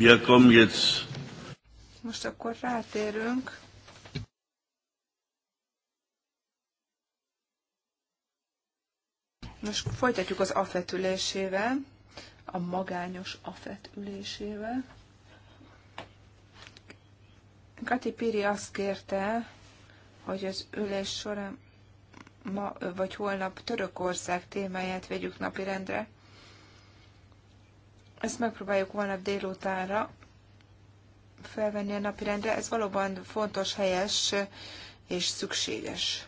Wir kommen jetzt. Most akkor rátérünk. Most folytatjuk az afetülésével, a magányos afetülésével. Kati Piri azt kérte, hogy az ülés során ma vagy holnap Törökország témáját vegyük napirendre. Ezt megpróbáljuk holnap délutánra felvenni a napirendre. Ez valóban fontos, helyes és szükséges.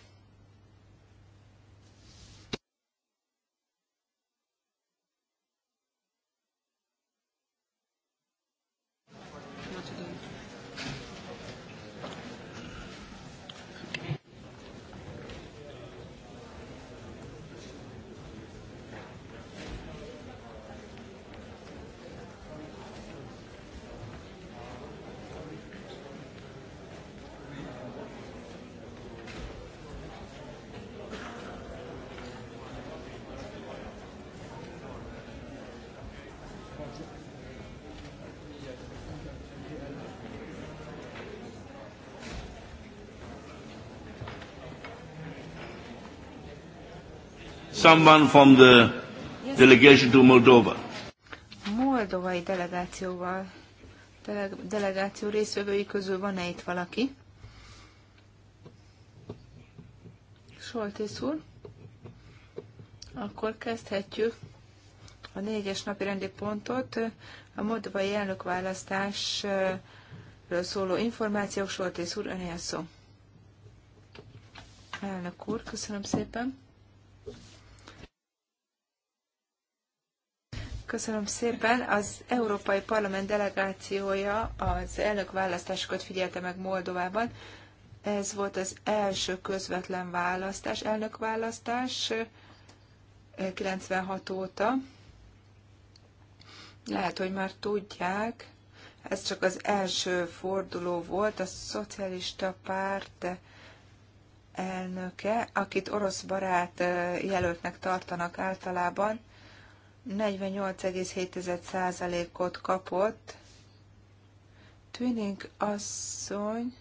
someone from the delegation to Moldova. Moldovai delegációval, dele, delegáció részvevői közül van-e itt valaki? Soltész úr, akkor kezdhetjük a négyes napi rendi pontot, a moldovai elnökválasztásról szóló információk. Soltész úr, önél szó. Elnök úr, köszönöm szépen. Köszönöm szépen. Az Európai Parlament delegációja az elnökválasztásokat figyelte meg Moldovában. Ez volt az első közvetlen választás, elnökválasztás 96 eh, óta. Lehet, hogy már tudják, ez csak az első forduló volt, a szocialista párt elnöke, akit orosz barát eh, jelöltnek tartanak általában, 48,7%-ot kapott. Tüning asszony,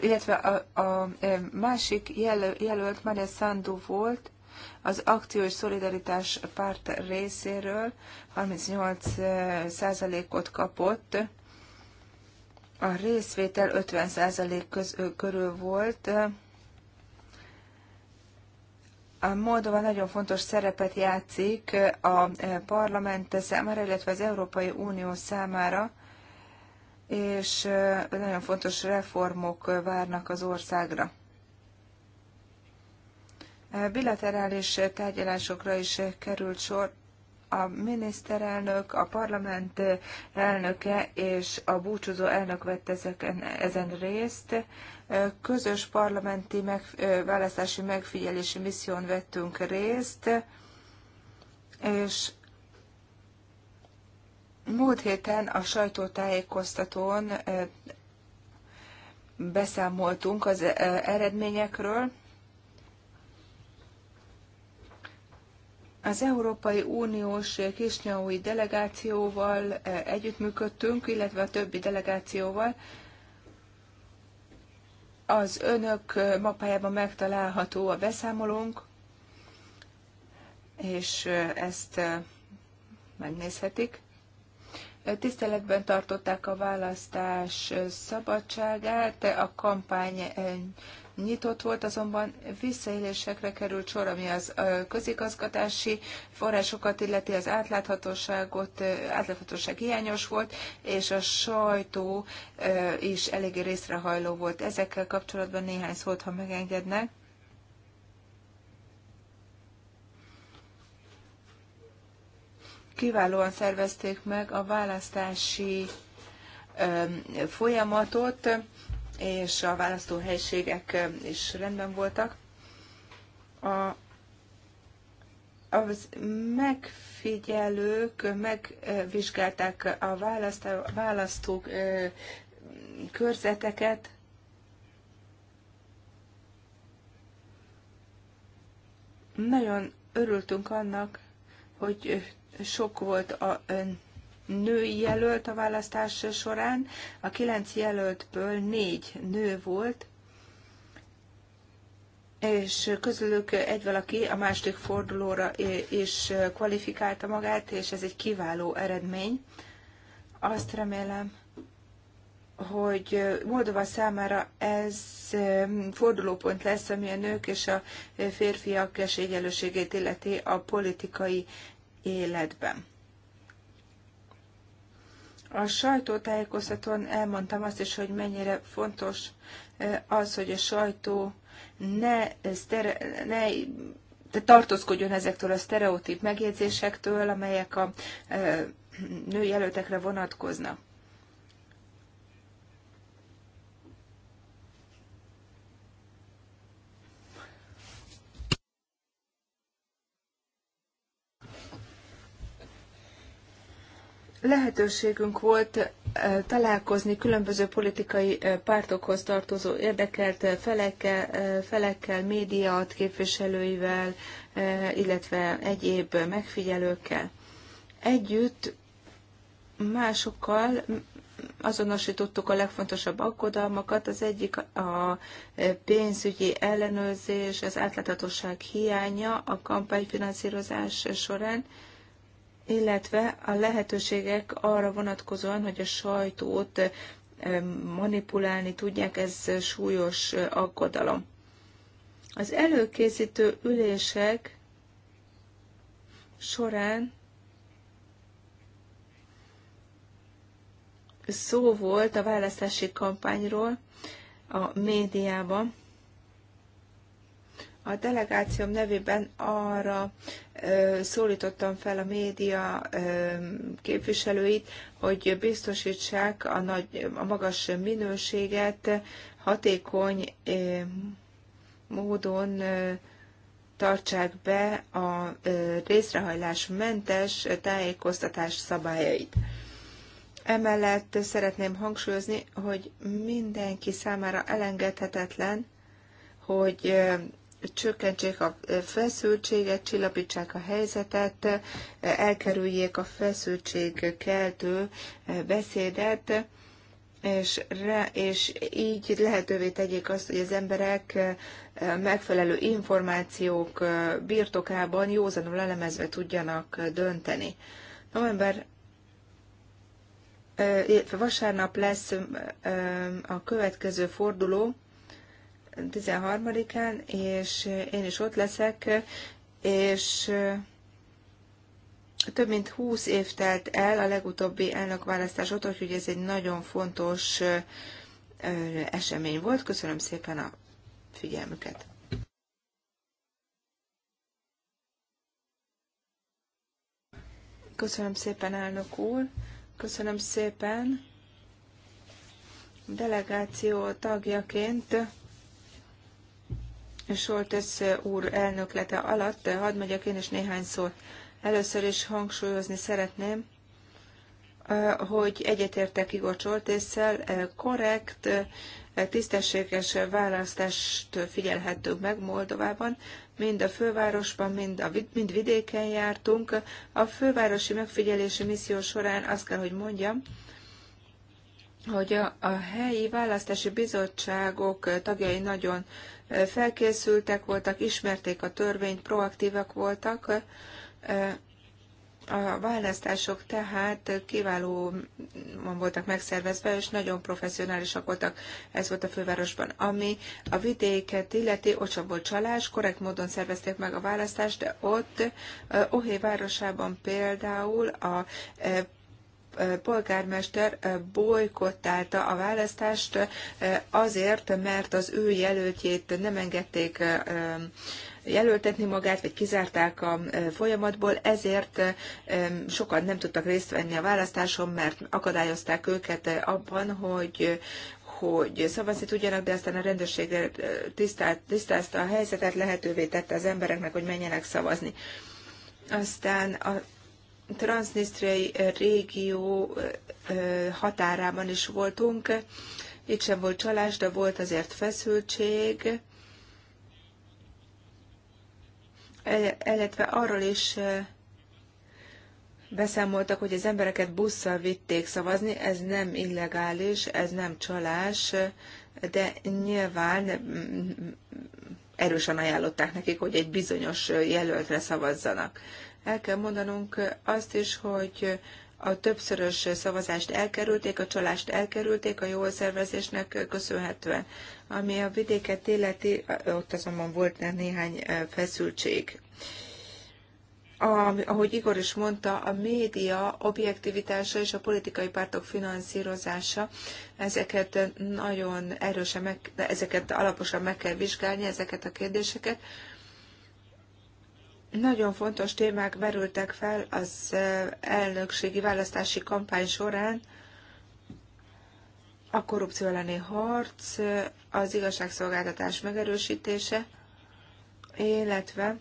illetve a, a másik jelölt, jelölt Maria Sandu volt, az Akció és Szolidaritás párt részéről 38%-ot kapott, a részvétel 50% köz, körül volt, a Moldova nagyon fontos szerepet játszik a e, parlament számára, illetve az Európai Unió számára, és e, nagyon fontos reformok várnak az országra. E, bilaterális tárgyalásokra is került sor a miniszterelnök, a parlament elnöke és a búcsúzó elnök vett ezeken, ezen részt. Közös parlamenti meg, választási megfigyelési misszión vettünk részt, és múlt héten a sajtótájékoztatón beszámoltunk az eredményekről, Az Európai Uniós kisnyói delegációval eh, együttműködtünk, illetve a többi delegációval. Az önök eh, mappájában megtalálható a beszámolónk, és eh, ezt megnézhetik. Tiszteletben tartották a választás szabadságát, a kampány nyitott volt, azonban visszaélésekre került sor, ami az közigazgatási forrásokat illeti, az átláthatóságot, átláthatóság hiányos volt, és a sajtó is eléggé részrehajló volt. Ezekkel kapcsolatban néhány szót, ha megengednek. Kiválóan szervezték meg a választási folyamatot és a választóhelységek is rendben voltak. A, az megfigyelők megvizsgálták a választó, választók körzeteket, nagyon örültünk annak, hogy sok volt a női jelölt a választás során. A kilenc jelöltből négy nő volt, és közülük egy valaki a második fordulóra is kvalifikálta magát, és ez egy kiváló eredmény. Azt remélem, hogy Moldova számára ez fordulópont lesz, ami a nők és a férfiak esélyegyenlőségét illeti a politikai életben. A sajtótájékoztatón elmondtam azt is, hogy mennyire fontos eh, az, hogy a sajtó ne, sztere, ne tartózkodjon ezektől a sztereotíp megjegyzésektől, amelyek a eh, nőjelöltekre vonatkoznak. lehetőségünk volt találkozni különböző politikai pártokhoz tartozó érdekelt felekkel, felekkel médiát képviselőivel, illetve egyéb megfigyelőkkel. Együtt másokkal azonosítottuk a legfontosabb aggodalmakat. Az egyik a pénzügyi ellenőrzés, az átláthatóság hiánya a kampányfinanszírozás során illetve a lehetőségek arra vonatkozóan, hogy a sajtót manipulálni tudják, ez súlyos aggodalom. Az előkészítő ülések során szó volt a választási kampányról a médiában, a delegációm nevében arra ö, szólítottam fel a média ö, képviselőit, hogy biztosítsák a, nagy, a magas minőséget, hatékony ö, módon ö, tartsák be a részrehajlásmentes tájékoztatás szabályait. Emellett szeretném hangsúlyozni, hogy mindenki számára elengedhetetlen, hogy csökkentsék a feszültséget, csillapítsák a helyzetet, elkerüljék a feszültség keltő beszédet, és, re, és így lehetővé tegyék azt, hogy az emberek megfelelő információk birtokában józanul elemezve tudjanak dönteni. November vasárnap lesz a következő forduló, 13-án, és én is ott leszek, és eh, több mint 20 év telt el a legutóbbi elnökválasztás óta, úgyhogy ez egy nagyon fontos eh, esemény volt. Köszönöm szépen a figyelmüket! Köszönöm szépen, elnök úr! Köszönöm szépen! Delegáció tagjaként Soltesz úr elnöklete alatt, hadd megyek én is néhány szót. Először is hangsúlyozni szeretném, eh, hogy egyetértek Igor Csoltésszel, eh, korrekt, eh, tisztességes választást figyelhettünk meg Moldovában, mind a fővárosban, mind, a, mind vidéken jártunk. A fővárosi megfigyelési misszió során azt kell, hogy mondjam, hogy a, a helyi választási bizottságok tagjai nagyon felkészültek voltak, ismerték a törvényt, proaktívak voltak. A választások tehát kiválóan voltak megszervezve, és nagyon professzionálisak voltak, ez volt a fővárosban. Ami a vidéket illeti, ott sem volt csalás, korrekt módon szervezték meg a választást, de ott eh, Ohé városában például a eh, polgármester eh, bolykottálta a választást eh, azért, mert az ő jelöltjét nem engedték eh, jelöltetni magát, vagy kizárták a folyamatból, ezért sokan nem tudtak részt venni a választáson, mert akadályozták őket abban, hogy hogy szavazni tudjanak, de aztán a rendőrség tisztázta a helyzetet, lehetővé tette az embereknek, hogy menjenek szavazni. Aztán a Transnistriai régió határában is voltunk. Itt sem volt csalás, de volt azért feszültség. E, illetve arról is beszámoltak, hogy az embereket busszal vitték szavazni, ez nem illegális, ez nem csalás, de nyilván erősen ajánlották nekik, hogy egy bizonyos jelöltre szavazzanak. El kell mondanunk azt is, hogy a többszörös szavazást elkerülték, a csalást elkerülték a jó szervezésnek köszönhetően. Ami a vidéket illeti, ott azonban volt néhány feszültség. A, ahogy Igor is mondta, a média objektivitása és a politikai pártok finanszírozása, ezeket nagyon erősen, meg, ezeket alaposan meg kell vizsgálni, ezeket a kérdéseket. Nagyon fontos témák merültek fel az elnökségi választási kampány során, a korrupció elleni harc, az igazságszolgáltatás megerősítése, illetve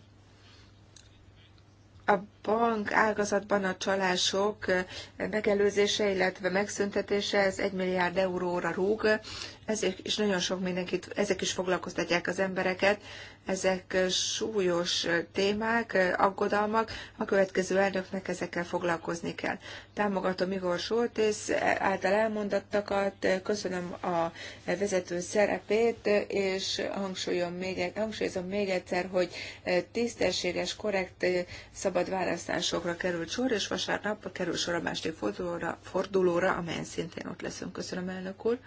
a bank ágazatban a csalások megelőzése, illetve megszüntetése, ez egy milliárd euróra rúg, ezek is nagyon sok mindenkit, ezek is foglalkoztatják az embereket, ezek súlyos témák, aggodalmak, a következő elnöknek ezekkel foglalkozni kell. Támogatom Igor Soltész által elmondattakat, köszönöm a vezető szerepét, és hangsúlyozom még, e- hangsúlyozom még egyszer, hogy tisztességes, korrekt, szabad választásokra került sor, és vasárnap kerül sor a második fordulóra, fordulóra amelyen szintén ott leszünk. Köszönöm, elnök úr!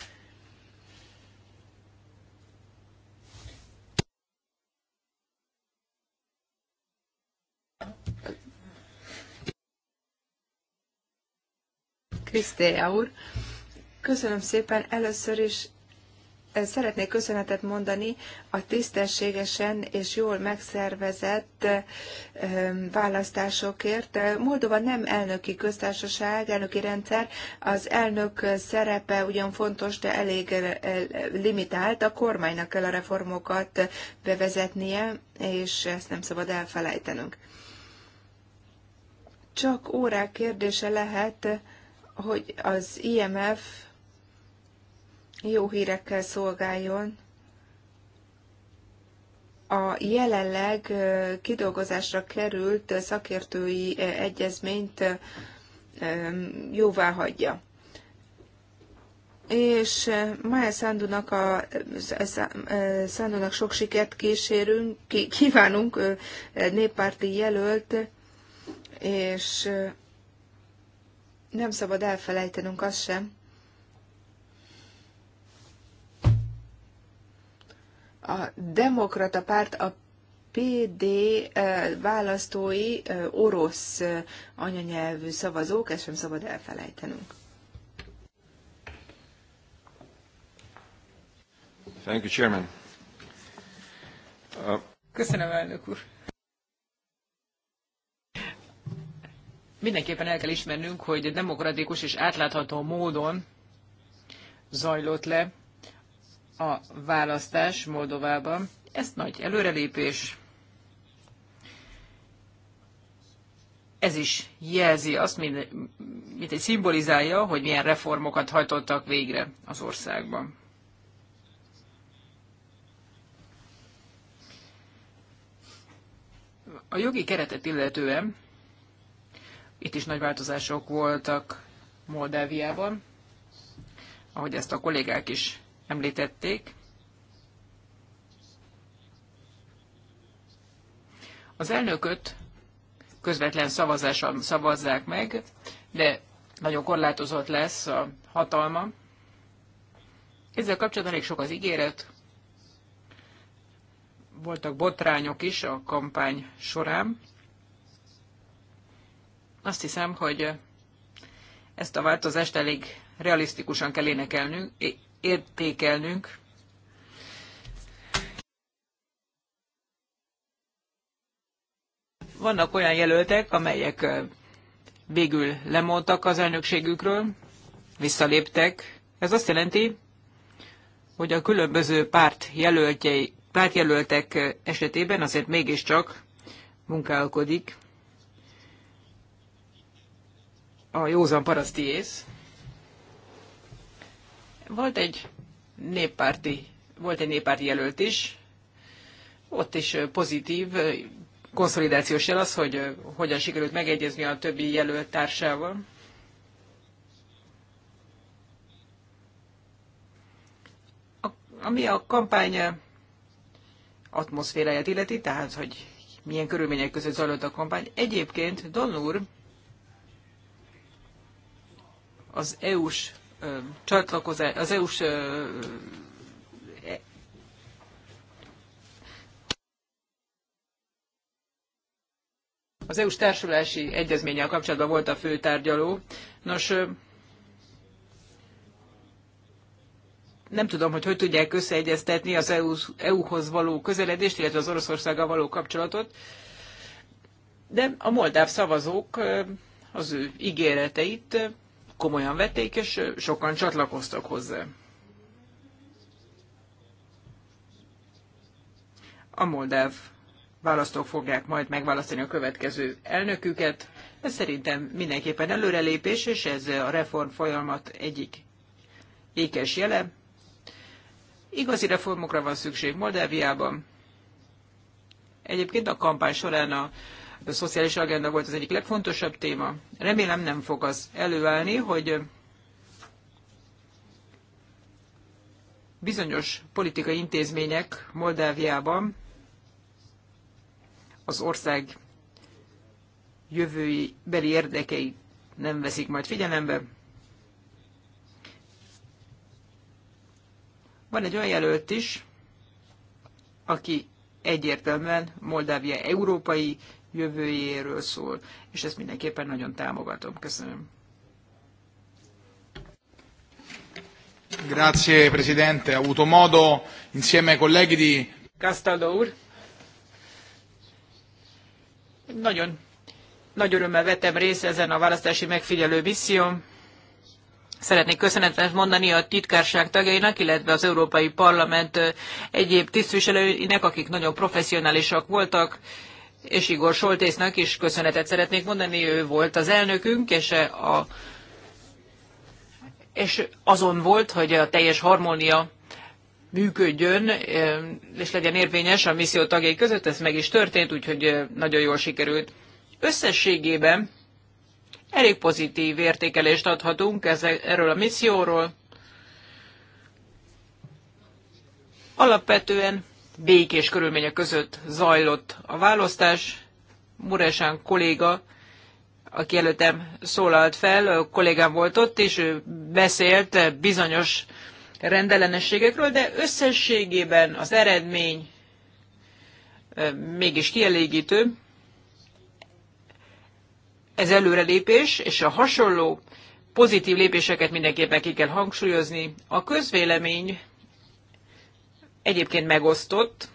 Krisztéja úr. Köszönöm szépen. Először is eh, szeretnék köszönetet mondani a tisztességesen és jól megszervezett eh, választásokért. Moldova nem elnöki köztársaság, elnöki rendszer, az elnök szerepe ugyan fontos, de elég eh, limitált. A kormánynak kell a reformokat bevezetnie, és ezt nem szabad elfelejtenünk. Csak órák kérdése lehet, hogy az IMF jó hírekkel szolgáljon a jelenleg kidolgozásra került szakértői egyezményt jóvá hagyja. És Maya Sandunak, a, Sandunak sok sikert kísérünk, kívánunk néppárti jelölt, és nem szabad elfelejtenünk azt sem, a demokrata párt, a PD eh, választói eh, orosz eh, anyanyelvű szavazók, ezt sem szabad elfelejtenünk. Thank you, Chairman. Uh... Köszönöm, elnök úr. mindenképpen el kell ismernünk, hogy demokratikus és átlátható módon zajlott le a választás Moldovában. Ez nagy előrelépés. Ez is jelzi azt, mint, mint egy szimbolizálja, hogy milyen reformokat hajtottak végre az országban. A jogi keretet illetően itt is nagy változások voltak Moldáviában, ahogy ezt a kollégák is említették. Az elnököt közvetlen szavazáson szavazzák meg, de nagyon korlátozott lesz a hatalma. Ezzel kapcsolatban elég sok az ígéret. Voltak botrányok is a kampány során. Azt hiszem, hogy ezt a változást elég realisztikusan kell énekelnünk, értékelnünk. Vannak olyan jelöltek, amelyek végül lemondtak az elnökségükről, visszaléptek. Ez azt jelenti, hogy a különböző párt jelöltjei, pártjelöltek esetében azért mégiscsak munkálkodik a józan paraszti ész. Volt egy néppárti, volt egy néppárti jelölt is, ott is pozitív konszolidációs jel az, hogy hogyan sikerült megegyezni a többi jelölt társával. ami a kampány atmoszféráját illeti, tehát hogy milyen körülmények között zajlott a kampány. Egyébként Don úr az EU-s csatlakozás, az EU-s e- az EU-s társulási egyezménnyel kapcsolatban volt a főtárgyaló. Nos, nem tudom, hogy hogy tudják összeegyeztetni az EU-hoz e való közeledést, illetve az Oroszországgal való kapcsolatot, de a moldáv szavazók az ő ígéreteit komolyan vették, és sokan csatlakoztak hozzá. A moldáv választók fogják majd megválasztani a következő elnöküket. Ez szerintem mindenképpen előrelépés, és ez a reform folyamat egyik ékes jele. Igazi reformokra van szükség Moldáviában. Egyébként a kampány során a a szociális agenda volt az egyik legfontosabb téma. Remélem nem fog az előállni, hogy bizonyos politikai intézmények Moldáviában az ország jövői beli érdekei nem veszik majd figyelembe. Van egy olyan jelölt is, aki egyértelműen Moldávia európai jövőjéről szól, és ezt mindenképpen nagyon támogatom. Köszönöm. Grazie Presidente, ho avuto modo insieme ai colleghi di... Castaldo úr. Nagyon nagy örömmel vettem részt ezen a választási megfigyelő misszión. Szeretnék köszönetet mondani a titkárság tagjainak, illetve az Európai Parlament egyéb tisztviselőinek, akik nagyon professzionálisak voltak, és Igor Soltésznak is köszönetet szeretnék mondani, ő volt az elnökünk, és, e a, és azon volt, hogy a teljes harmónia működjön, e, és legyen érvényes a misszió tagjai között, ez meg is történt, úgyhogy e, nagyon jól sikerült. Összességében elég pozitív értékelést adhatunk erről a misszióról. Alapvetően békés körülmények között zajlott a választás. Muresán kolléga, aki előttem szólalt fel, a kollégám volt ott, és ő beszélt bizonyos rendellenességekről, de összességében az eredmény mégis kielégítő. Ez előrelépés, és a hasonló pozitív lépéseket mindenképpen ki kell hangsúlyozni. A közvélemény egyébként megosztott.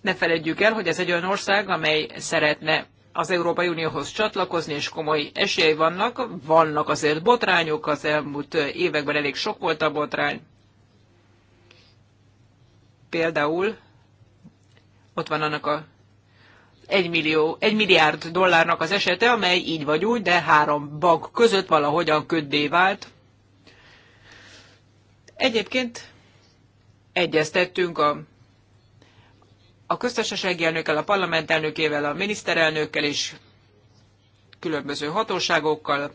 Ne feledjük el, hogy ez egy olyan ország, amely szeretne az Európai Unióhoz csatlakozni, és komoly esélyei vannak. Vannak azért botrányok, az elmúlt években elég sok volt a botrány. Például ott van annak a 1, millió, 1 milliárd dollárnak az esete, amely így vagy úgy, de három bank között valahogyan köddé vált. Egyébként egyeztettünk a, a köztársasági elnökkel, a parlament elnökével, a miniszterelnökkel és különböző hatóságokkal,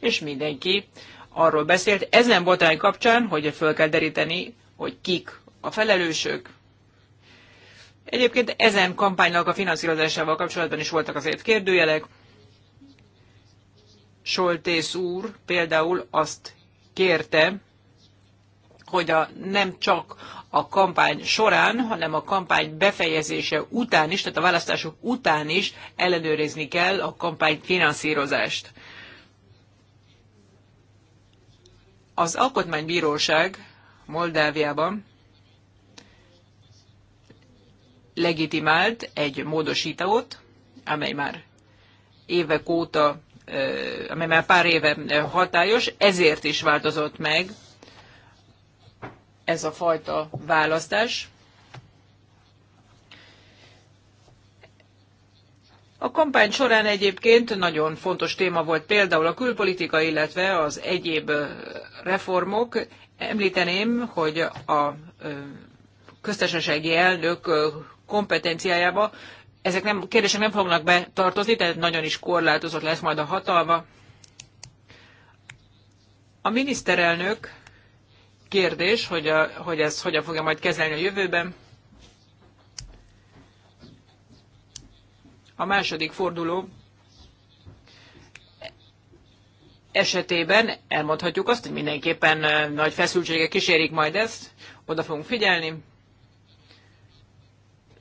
és mindenki arról beszélt, ezen botrány kapcsán, hogy föl kell deríteni, hogy kik a felelősök, Egyébként ezen kampánynak a finanszírozásával kapcsolatban is voltak azért kérdőjelek. Soltész úr például azt kérte, hogy a, nem csak a kampány során, hanem a kampány befejezése után is, tehát a választások után is ellenőrizni kell a kampány finanszírozást. Az Alkotmánybíróság Moldáviában legitimált egy módosítót, amely már évek óta, amely már pár éve hatályos, ezért is változott meg ez a fajta választás. A kampány során egyébként nagyon fontos téma volt például a külpolitika, illetve az egyéb reformok. Említeném, hogy a köztársasági elnök kompetenciájába. Ezek nem, kérdések nem fognak betartozni, tehát nagyon is korlátozott lesz majd a hatalma. A miniszterelnök kérdés, hogy, a, hogy ez hogyan fogja majd kezelni a jövőben. A második forduló esetében elmondhatjuk azt, hogy mindenképpen nagy feszültségek kísérik majd ezt, oda fogunk figyelni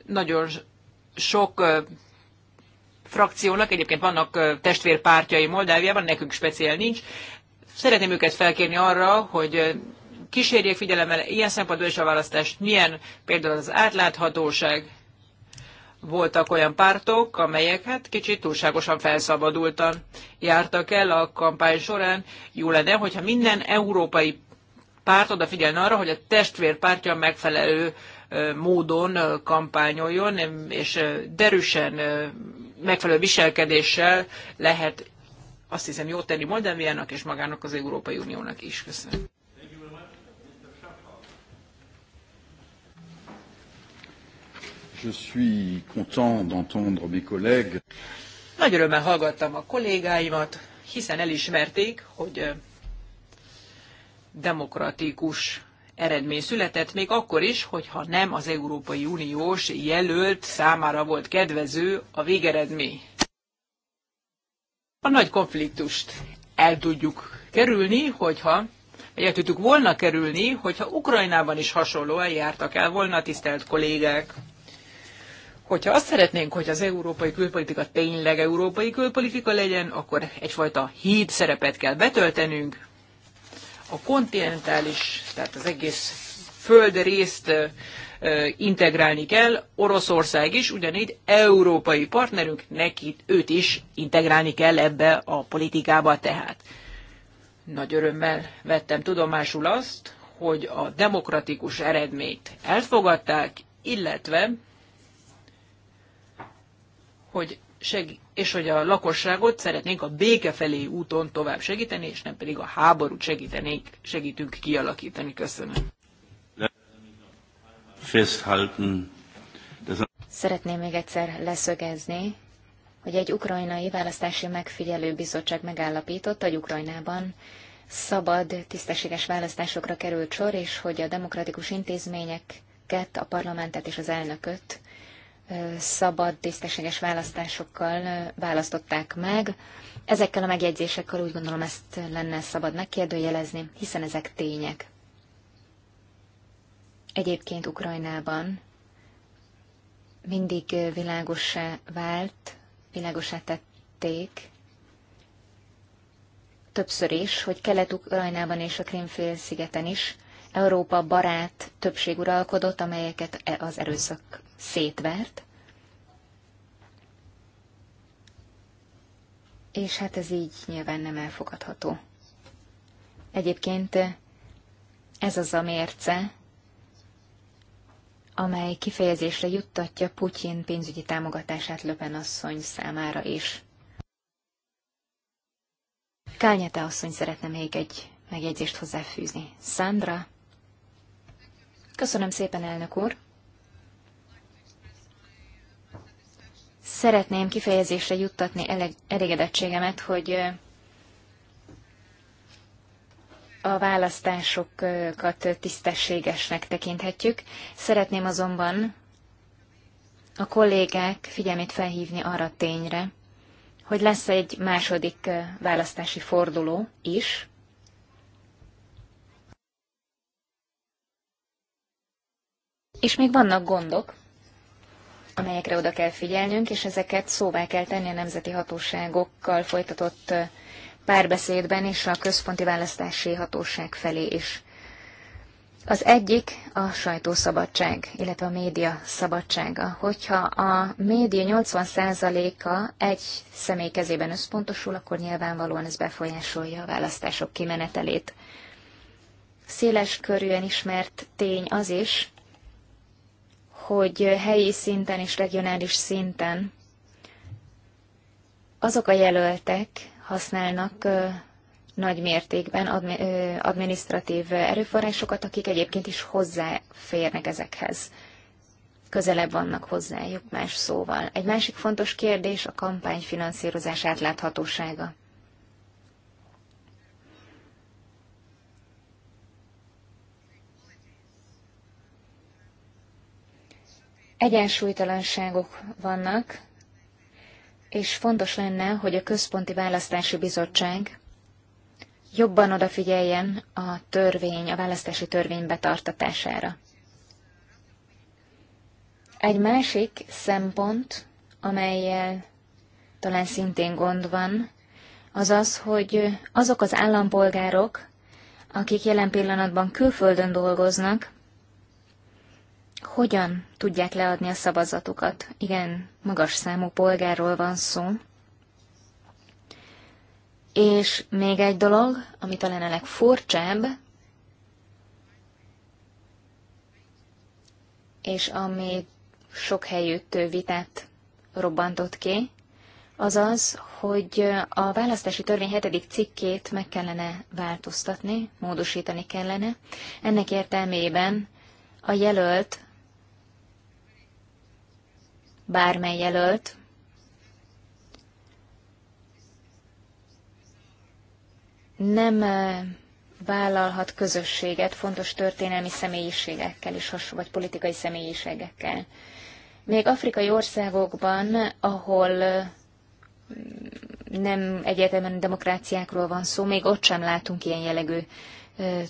nagyon sok frakciónak, egyébként vannak testvérpártjai Moldáviában, nekünk speciál nincs. Szeretném őket felkérni arra, hogy kísérjék figyelemmel ilyen szempontból is a választást, milyen például az átláthatóság, voltak olyan pártok, amelyek hát kicsit túlságosan felszabadultan jártak el a kampány során. Jó lenne, hogyha minden európai párt odafigyelne arra, hogy a testvérpártja megfelelő módon kampányoljon, és derűsen megfelelő viselkedéssel lehet azt hiszem jót tenni Moldáviának és magának az Európai Uniónak is. Köszönöm. Je suis content d'entendre mes collègues. Nagy örömmel hallgattam a kollégáimat, hiszen elismerték, hogy demokratikus eredmény született, még akkor is, hogyha nem az Európai Uniós jelölt számára volt kedvező a végeredmény. A nagy konfliktust el tudjuk kerülni, hogyha el tudtuk volna kerülni, hogyha Ukrajnában is hasonlóan jártak el volna, tisztelt kollégák. Hogyha azt szeretnénk, hogy az európai külpolitika tényleg európai külpolitika legyen, akkor egyfajta híd szerepet kell betöltenünk, a kontinentális, tehát az egész földrészt integrálni kell, Oroszország is, ugyanígy európai partnerünk, neki, őt is integrálni kell ebbe a politikába tehát. Nagy örömmel vettem tudomásul azt, hogy a demokratikus eredményt elfogadták, illetve, hogy segít és hogy a lakosságot szeretnénk a béke felé úton tovább segíteni, és nem pedig a háborút segíteni, segítünk kialakítani. Köszönöm. Szeretném még egyszer leszögezni, hogy egy ukrajnai választási megfigyelő bizottság megállapította, hogy Ukrajnában szabad, tisztességes választásokra került sor, és hogy a demokratikus intézményeket, a parlamentet és az elnököt szabad, tisztességes választásokkal választották meg. Ezekkel a megjegyzésekkel úgy gondolom ezt lenne szabad megkérdőjelezni, hiszen ezek tények. Egyébként Ukrajnában mindig világosá vált, világosá tették többször is, hogy Kelet-Ukrajnában és a Krimfélszigeten is Európa barát többség uralkodott, amelyeket e az erőszak szétvert, és hát ez így nyilván nem elfogadható. Egyébként ez az a mérce, amely kifejezésre juttatja Putyin pénzügyi támogatását Löpen asszony számára is. Kányete asszony szeretne még egy megjegyzést hozzáfűzni. Sandra? Köszönöm szépen, elnök úr! Szeretném kifejezésre juttatni elégedettségemet, hogy a választásokat tisztességesnek tekinthetjük. Szeretném azonban a kollégák figyelmét felhívni arra tényre, hogy lesz egy második választási forduló is. És még vannak gondok, amelyekre oda kell figyelnünk, és ezeket szóvá kell tenni a nemzeti hatóságokkal folytatott párbeszédben és a központi választási hatóság felé is. Az egyik a sajtószabadság, illetve a média szabadsága. Hogyha a média 80%-a egy személy kezében összpontosul, akkor nyilvánvalóan ez befolyásolja a választások kimenetelét. Széles körűen ismert tény az is, hogy helyi szinten és regionális szinten azok a jelöltek használnak nagy mértékben adminisztratív erőforrásokat, akik egyébként is hozzáférnek ezekhez. Közelebb vannak hozzájuk más szóval. Egy másik fontos kérdés a kampányfinanszírozás átláthatósága. Egyensúlytalanságok vannak, és fontos lenne, hogy a Központi Választási Bizottság jobban odafigyeljen a törvény, a választási törvény betartatására. Egy másik szempont, amelyel talán szintén gond van, az az, hogy azok az állampolgárok, akik jelen pillanatban külföldön dolgoznak, hogyan tudják leadni a szavazatukat. Igen, magas számú polgárról van szó. És még egy dolog, ami talán a legfurcsább, és ami sok helyütt vitát robbantott ki, az az, hogy a választási törvény hetedik cikkét meg kellene változtatni, módosítani kellene. Ennek értelmében a jelölt bármely jelölt. Nem vállalhat közösséget fontos történelmi személyiségekkel is, vagy politikai személyiségekkel. Még afrikai országokban, ahol nem egyetemen demokráciákról van szó, még ott sem látunk ilyen jellegű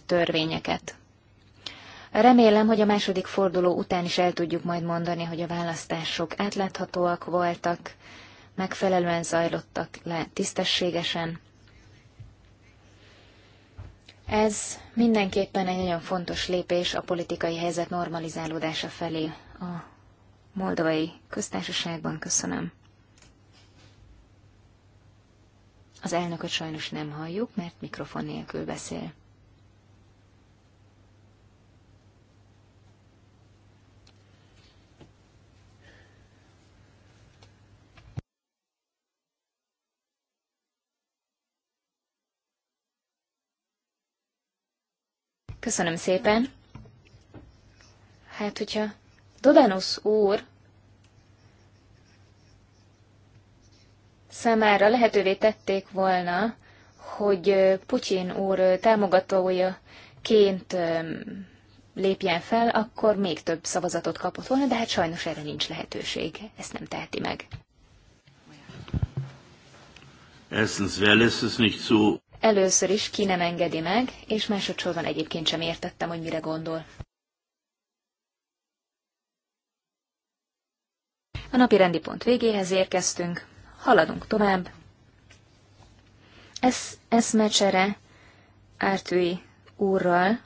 törvényeket. Remélem, hogy a második forduló után is el tudjuk majd mondani, hogy a választások átláthatóak voltak, megfelelően zajlottak le tisztességesen. Ez mindenképpen egy nagyon fontos lépés a politikai helyzet normalizálódása felé a Moldovai Köztársaságban. Köszönöm. Az elnököt sajnos nem halljuk, mert mikrofon nélkül beszél. Köszönöm szépen. Hát, hogyha Dodanusz úr számára lehetővé tették volna, hogy Putyin úr támogatója ként lépjen fel, akkor még több szavazatot kapott volna, de hát sajnos erre nincs lehetőség. Ezt nem teheti meg. Erstens, wer lässt es nicht zu? először is ki nem engedi meg, és másodszorban egyébként sem értettem, hogy mire gondol. A napi rendi pont végéhez érkeztünk, haladunk tovább. Ez mecsere Ártői úrral,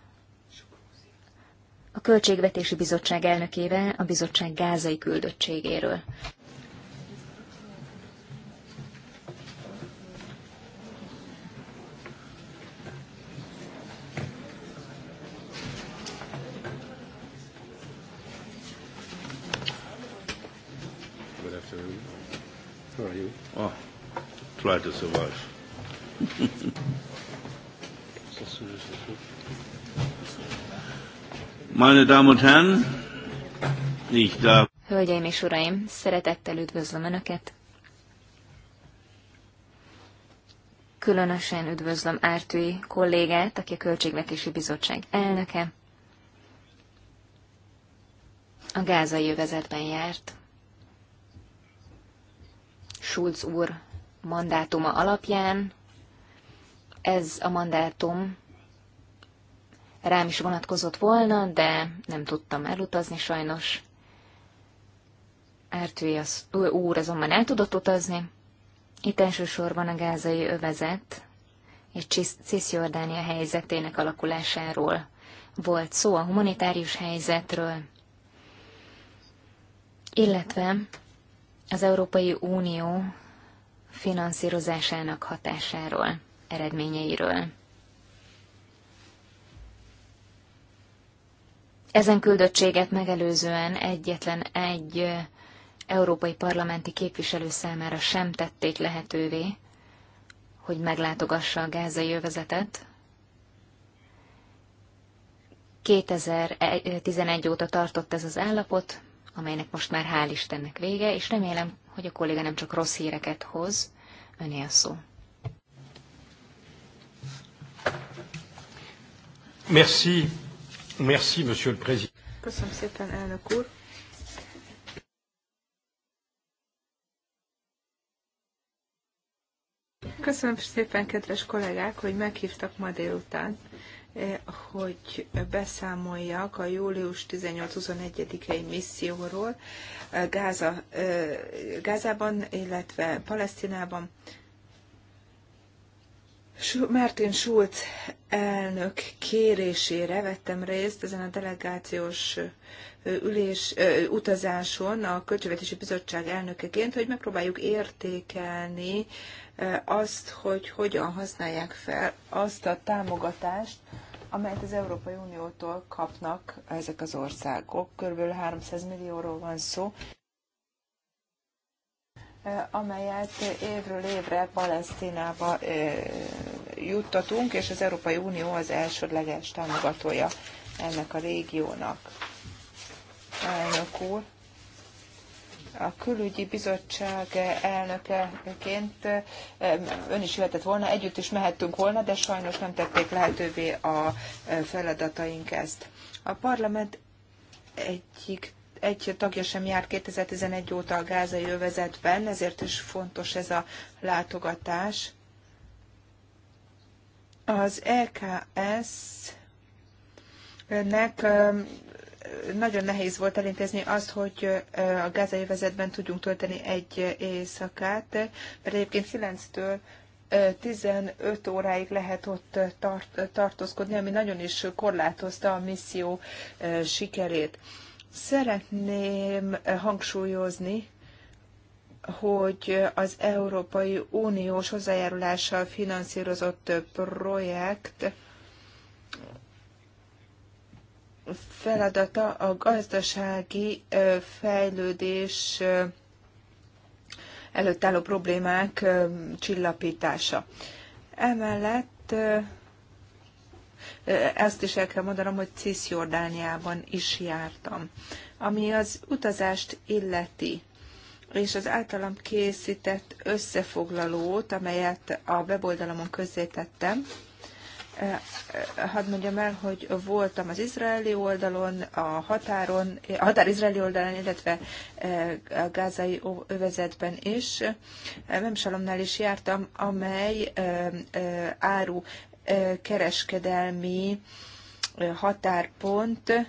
a Költségvetési Bizottság elnökével, a bizottság gázai küldöttségéről. are you? Oh, try to survive. Meine Damen und Herren, ich darf... Hölgyeim és Uraim, szeretettel üdvözlöm Önöket. Különösen üdvözlöm Ártői kollégát, aki a Költségvetési Bizottság elnöke. A gázai jövezetben járt. Schulz úr mandátuma alapján. Ez a mandátum rám is vonatkozott volna, de nem tudtam elutazni sajnos. Ártői az úr azonban el tudott utazni. Itt elsősorban a gázai övezet és Cisziordánia helyzetének alakulásáról volt szó, a humanitárius helyzetről, illetve az Európai Unió finanszírozásának hatásáról, eredményeiről. Ezen küldöttséget megelőzően egyetlen egy európai parlamenti képviselő számára sem tették lehetővé, hogy meglátogassa a gázai övezetet. 2011 óta tartott ez az állapot, amelynek most már hál' Istennek vége, és remélem, hogy a kolléga nem csak rossz híreket hoz, öné a szó. Merci, merci, monsieur le président. Köszönöm szépen, elnök úr. Köszönöm szépen, kedves kollégák, hogy meghívtak ma délután hogy beszámoljak a július 18-21-i misszióról eh, Gáza, eh, Gázában, illetve Palesztinában. Martin Schulz elnök kérésére vettem részt ezen a delegációs ülés, utazáson a Költségvetési Bizottság elnökeként, hogy megpróbáljuk értékelni azt, hogy hogyan használják fel azt a támogatást, amelyet az Európai Uniótól kapnak ezek az országok. Körülbelül 300 millióról van szó, amelyet évről évre Palesztinába juttatunk, és az Európai Unió az elsődleges támogatója ennek a régiónak elnök úr. A külügyi bizottság elnökeként eh, ön is jöhetett volna, együtt is mehettünk volna, de sajnos nem tették lehetővé a eh, feladataink ezt. A parlament egyik egy tagja sem járt 2011 óta a gázai övezetben, ezért is fontos ez a látogatás. Az EKS nek eh, nagyon nehéz volt elintézni azt, hogy a gázai vezetben tudjunk tölteni egy éjszakát, mert egyébként 9-től 15 óráig lehet ott tart, tartózkodni, ami nagyon is korlátozta a misszió sikerét. Szeretném hangsúlyozni, hogy az Európai Uniós hozzájárulással finanszírozott projekt feladata a gazdasági fejlődés előtt álló problémák csillapítása. Emellett ezt is el kell mondanom, hogy Cisjordániában is jártam. Ami az utazást illeti, és az általam készített összefoglalót, amelyet a weboldalamon közzétettem, hadd mondjam el, hogy voltam az izraeli oldalon, a határon, a határ izraeli oldalon, illetve a gázai övezetben is. Memsalomnál is jártam, amely áru kereskedelmi határpont,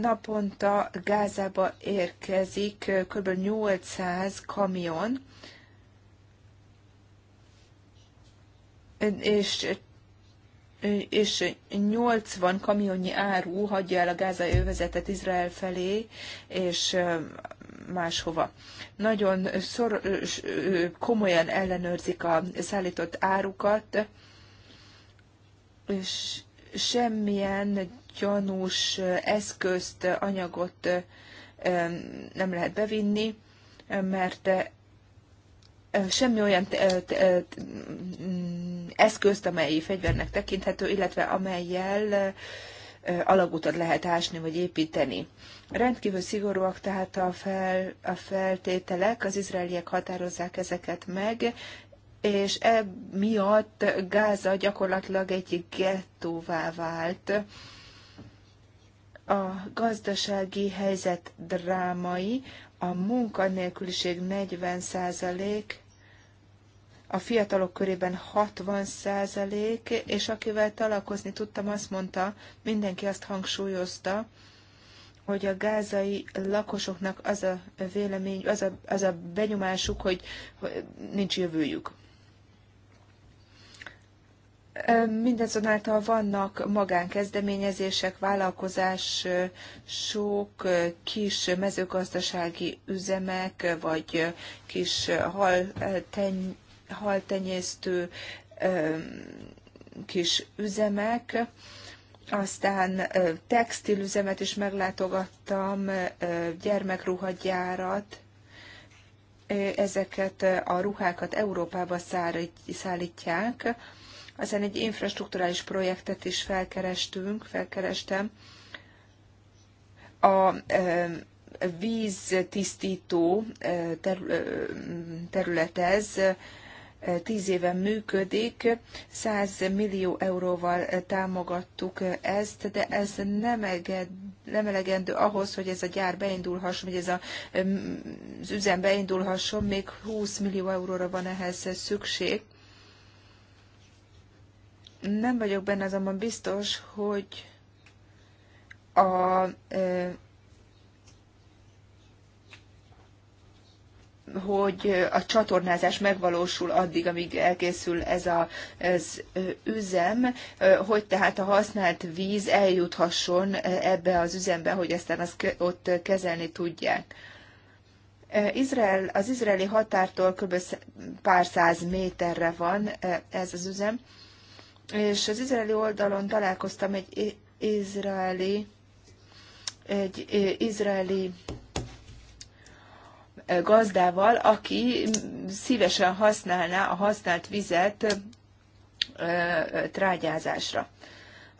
naponta Gázába érkezik kb. 800 kamion, és és 80 kamionnyi áru hagyja el a gázai övezetet Izrael felé, és máshova. Nagyon szor, komolyan ellenőrzik a szállított árukat, és semmilyen gyanús eszközt, anyagot nem lehet bevinni, mert semmi olyan mm, eszközt, amely fegyvernek tekinthető, illetve amelyel alagutat lehet ásni vagy építeni. Rendkívül szigorúak tehát a, fel, a feltételek, az izraeliek határozzák ezeket meg, és e miatt Gáza gyakorlatilag egy gettóvá vált. A gazdasági helyzet drámai, a munkanélküliség 40 százalék, a fiatalok körében 60 százalék, és akivel találkozni tudtam, azt mondta, mindenki azt hangsúlyozta, hogy a gázai lakosoknak az a vélemény, az a, az a benyomásuk, hogy nincs jövőjük. Mindazonáltal vannak magánkezdeményezések, sok kis mezőgazdasági üzemek, vagy kis halteny, haltenyésztő kis üzemek. Aztán textilüzemet is meglátogattam, gyermekruhagyárat, ezeket a ruhákat Európába szállítják aztán egy infrastruktúrális projektet is felkerestünk, felkerestem. A víztisztító terület ez, tíz éven működik, 100 millió euróval támogattuk ezt, de ez nem, eged, nem elegendő ahhoz, hogy ez a gyár beindulhasson, hogy ez a, az üzem beindulhasson, még 20 millió euróra van ehhez szükség. Nem vagyok benne azonban biztos, hogy a hogy a csatornázás megvalósul addig, amíg elkészül ez a ez üzem, hogy tehát a használt víz eljuthasson ebbe az üzembe, hogy aztán azt ott kezelni tudják. Izrael, az izraeli határtól kb. pár száz méterre van ez az üzem, és az izraeli oldalon találkoztam egy izraeli, egy izraeli gazdával, aki szívesen használná a használt vizet trágyázásra.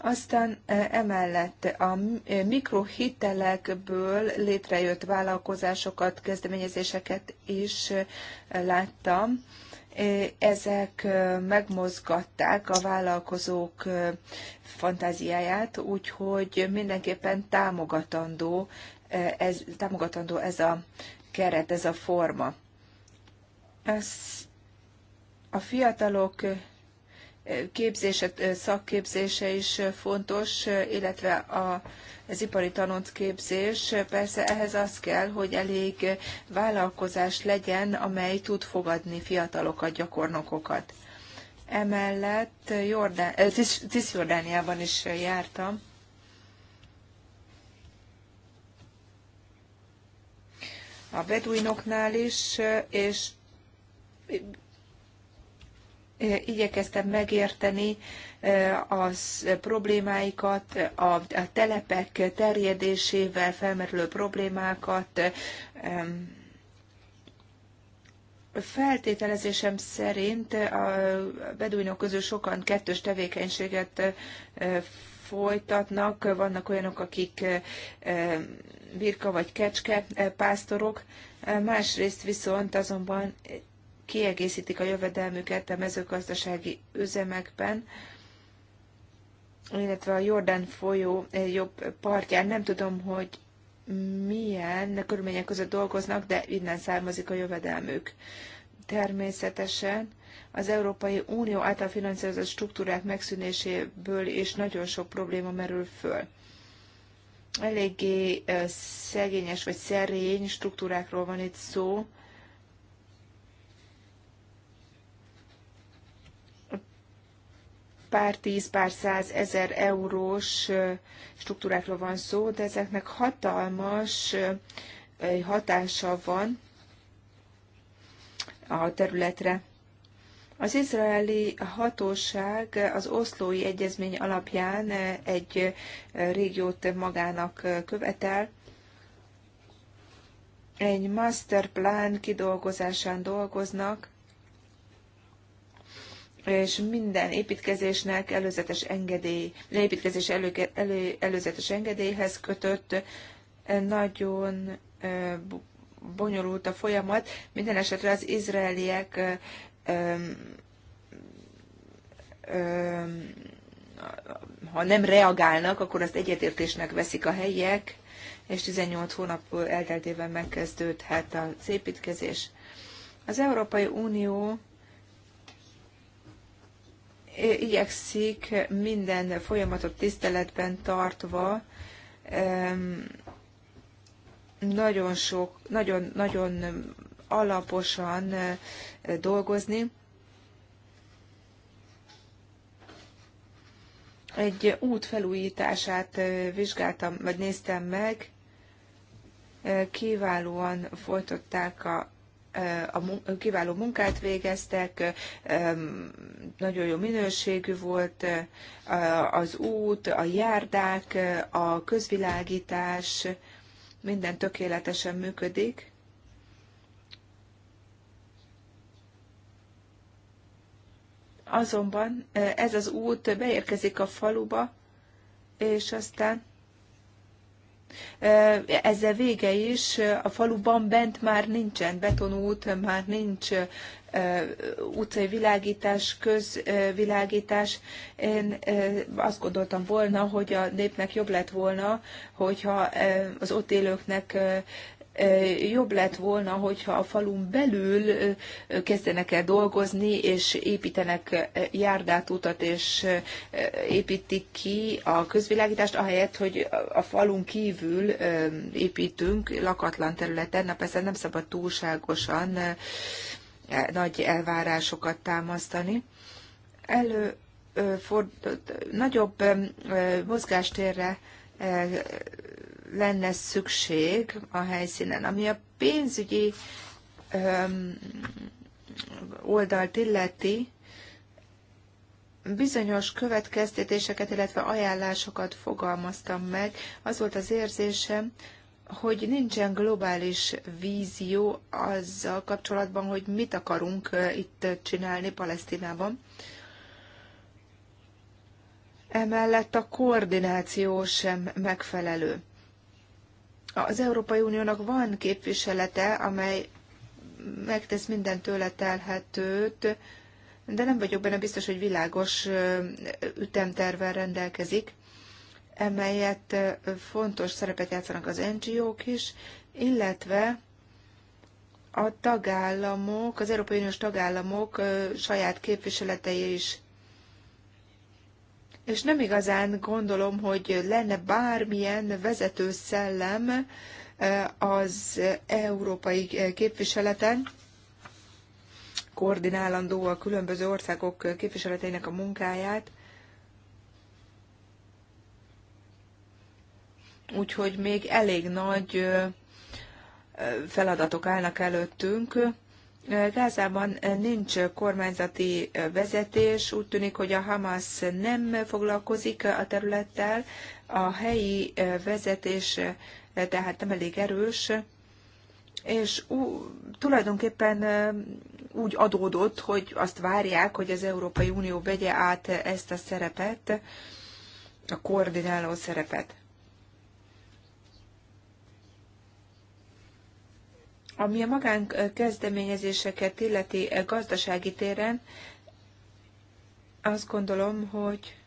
Aztán emellett a mikrohitelekből létrejött vállalkozásokat, kezdeményezéseket is láttam ezek megmozgatták a vállalkozók fantáziáját, úgyhogy mindenképpen támogatandó ez, támogatandó ez a keret, ez a forma. Ez a fiatalok képzése, szakképzése is fontos, illetve a, az ipari képzés, Persze ehhez az kell, hogy elég vállalkozás legyen, amely tud fogadni fiatalokat, gyakornokokat. Emellett Jordán, Cisjordániában is jártam, a beduinoknál is, és igyekeztem megérteni az problémáikat, a telepek terjedésével felmerülő problémákat. Feltételezésem szerint a beduinok közül sokan kettős tevékenységet folytatnak, vannak olyanok, akik birka vagy kecske pásztorok, másrészt viszont azonban kiegészítik a jövedelmüket a mezőgazdasági üzemekben, illetve a Jordán folyó eh, jobb partján. Nem tudom, hogy milyen körülmények között dolgoznak, de innen származik a jövedelmük. Természetesen az Európai Unió által finanszírozott struktúrák megszűnéséből is nagyon sok probléma merül föl. Eléggé eh, szegényes vagy szerény struktúrákról van itt szó, pár tíz, pár száz, ezer eurós struktúrákról van szó, de ezeknek hatalmas hatása van a területre. Az izraeli hatóság az oszlói egyezmény alapján egy régiót magának követel, egy masterplan kidolgozásán dolgoznak, és minden építkezésnek előzetes engedély, építkezés elő, elő, előzetes engedélyhez kötött, eh, nagyon eh, bonyolult a folyamat. Minden esetre az izraeliek eh, ha nem reagálnak, akkor azt egyetértésnek veszik a helyiek, és 18 hónap elteltével megkezdődhet az építkezés. Az Európai Unió igyekszik minden folyamatot tiszteletben tartva nagyon sok, nagyon, nagyon alaposan eh, dolgozni. Egy út felújítását eh, vizsgáltam, vagy néztem meg, eh, kiválóan folytották a a kiváló munkát végeztek, nagyon jó minőségű volt az út, a járdák, a közvilágítás, minden tökéletesen működik. Azonban ez az út beérkezik a faluba, és aztán ezzel vége is, a faluban bent már nincsen betonút, már nincs utcai világítás, közvilágítás. Én azt gondoltam volna, hogy a népnek jobb lett volna, hogyha az ott élőknek jobb lett volna, hogyha a falun belül kezdenek el dolgozni, és építenek járdát, utat, és építik ki a közvilágítást, ahelyett, hogy a falun kívül építünk lakatlan területen. Na persze nem szabad túlságosan e, nagy elvárásokat támasztani. Elő, ford, nagyobb mozgástérre lenne szükség a helyszínen. Ami a pénzügyi oldalt illeti, bizonyos következtetéseket, illetve ajánlásokat fogalmaztam meg. Az volt az érzésem, hogy nincsen globális vízió azzal kapcsolatban, hogy mit akarunk itt csinálni Palesztinában. Emellett a koordináció sem megfelelő az Európai Uniónak van képviselete, amely megtesz minden tőle telhetőt, de nem vagyok benne biztos, hogy világos ütemtervel rendelkezik, emellett fontos szerepet játszanak az NGO-k is, illetve a tagállamok, az Európai Uniós tagállamok saját képviseletei is és nem igazán gondolom, hogy lenne bármilyen vezető szellem eh, az európai eh, képviseleten, koordinálandó a különböző országok képviseleteinek a munkáját, úgyhogy még elég nagy eh, feladatok állnak előttünk Gázában nincs kormányzati vezetés, úgy tűnik, hogy a Hamas nem foglalkozik a területtel, a helyi vezetés tehát nem elég erős, és ú, tulajdonképpen um, úgy adódott, hogy azt várják, hogy az Európai Unió vegye át ezt a szerepet, a koordináló szerepet. Ami a magánkezdeményezéseket illeti gazdasági téren, azt gondolom, hogy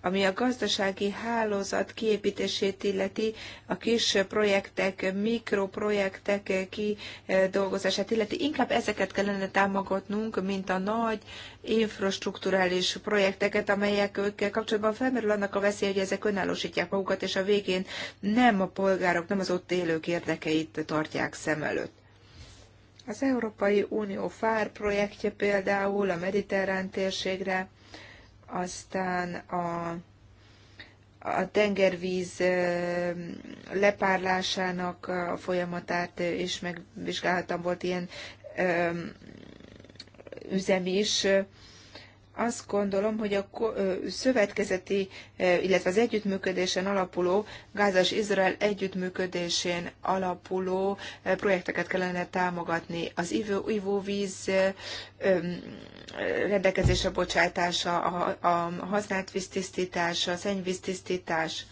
ami a gazdasági hálózat kiépítését illeti, a kis projektek, mikroprojektek kidolgozását illeti, inkább ezeket kellene támogatnunk, mint a nagy infrastruktúrális projekteket, amelyekkel kapcsolatban felmerül annak a veszély, hogy ezek önállósítják magukat, és a végén nem a polgárok, nem az ott élők érdekeit tartják szem előtt. Az Európai Unió FAR projektje például a mediterrán térségre aztán a, a tengervíz lepárlásának a folyamatát is megvizsgáltam volt ilyen üzem is, azt gondolom, hogy a szövetkezeti, illetve az együttműködésen alapuló, gázas Izrael együttműködésén alapuló projekteket kellene támogatni. Az ivóvíz rendelkezésre bocsátása, a, a használt tisztítása, a szennyvíztisztítás,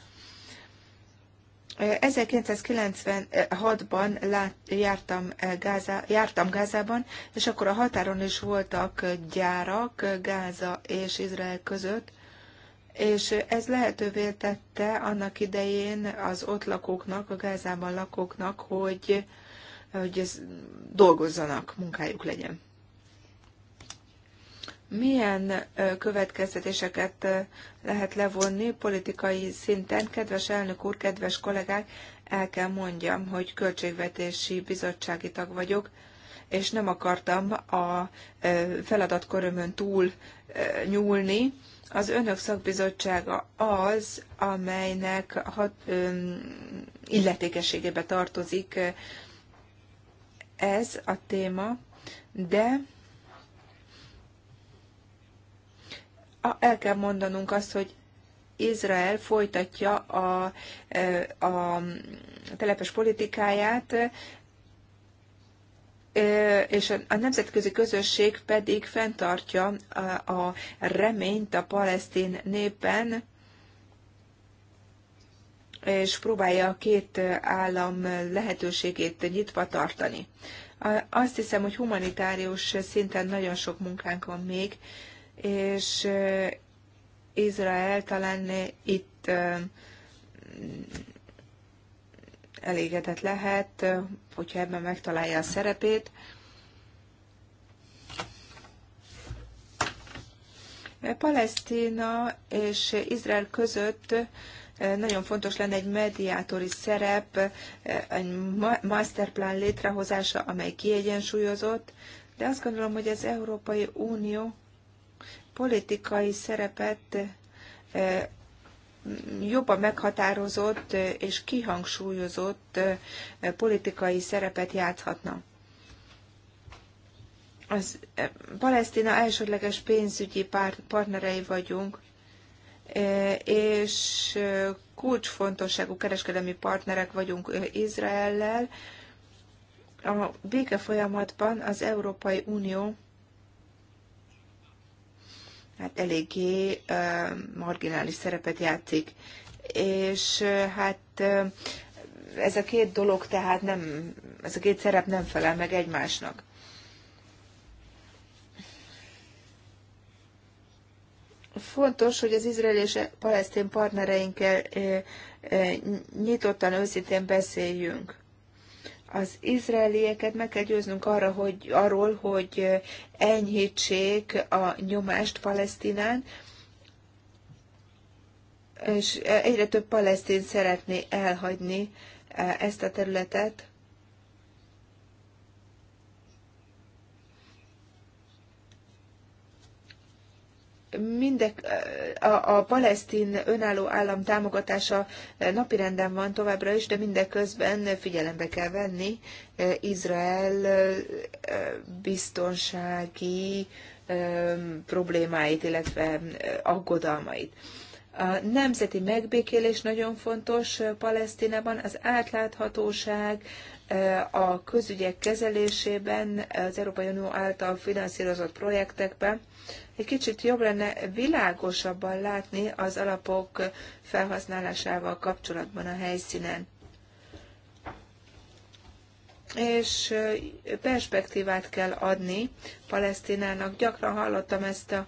1996-ban lát, jártam, eh, Gáza, jártam Gázában, és akkor a határon is voltak eh, gyárak eh, Gáza és Izrael között, és ez lehetővé tette annak idején az ott lakóknak, a Gázában lakóknak, hogy, hogy ez dolgozzanak, munkájuk legyen milyen következtetéseket lehet levonni politikai szinten. Kedves elnök úr, kedves kollégák, el kell mondjam, hogy költségvetési bizottsági tag vagyok, és nem akartam a feladatkörömön túl nyúlni. Az önök szakbizottsága az, amelynek hat, illetékességébe tartozik ez a téma, de el kell mondanunk azt, hogy Izrael folytatja a, e, a telepes politikáját, e, és a nemzetközi közösség pedig fenntartja a reményt a palesztin népen, és próbálja a két állam lehetőségét nyitva tartani. Azt hiszem, hogy humanitárius szinten nagyon sok munkánk van még, és Izrael talán itt elégedett lehet, hogyha ebben megtalálja a szerepét. Palesztina és Izrael között nagyon fontos lenne egy mediátori szerep, egy masterplan létrehozása, amely kiegyensúlyozott, de azt gondolom, hogy az Európai Unió politikai szerepet eh, jobban meghatározott és kihangsúlyozott eh, politikai szerepet játszhatna. Az eh, Palesztina elsődleges pénzügyi partnerei vagyunk, és kulcsfontosságú kereskedelmi partnerek vagyunk Izraellel. A béke folyamatban az Európai Unió hát eléggé marginális szerepet játszik. És hát ez a két dolog tehát nem, ez a két szerep nem felel meg egymásnak. Fontos, hogy az Izraeli és palesztin partnereinkkel nyitottan, őszintén beszéljünk az izraelieket meg kell győznünk arra, hogy, arról, hogy enyhítsék a nyomást Palesztinán, és egyre több palesztin szeretné elhagyni eh, ezt a területet. mindek, a, a palesztin önálló állam támogatása napirenden van továbbra is, de mindeközben figyelembe kell venni e, Izrael e, biztonsági e, problémáit, illetve aggodalmait. A nemzeti megbékélés nagyon fontos Palesztinában, az átláthatóság, a közügyek kezelésében, az Európai Unió által finanszírozott projektekben. Egy kicsit jobb lenne világosabban látni az alapok felhasználásával kapcsolatban a helyszínen. És perspektívát kell adni Palesztinának. Gyakran hallottam ezt a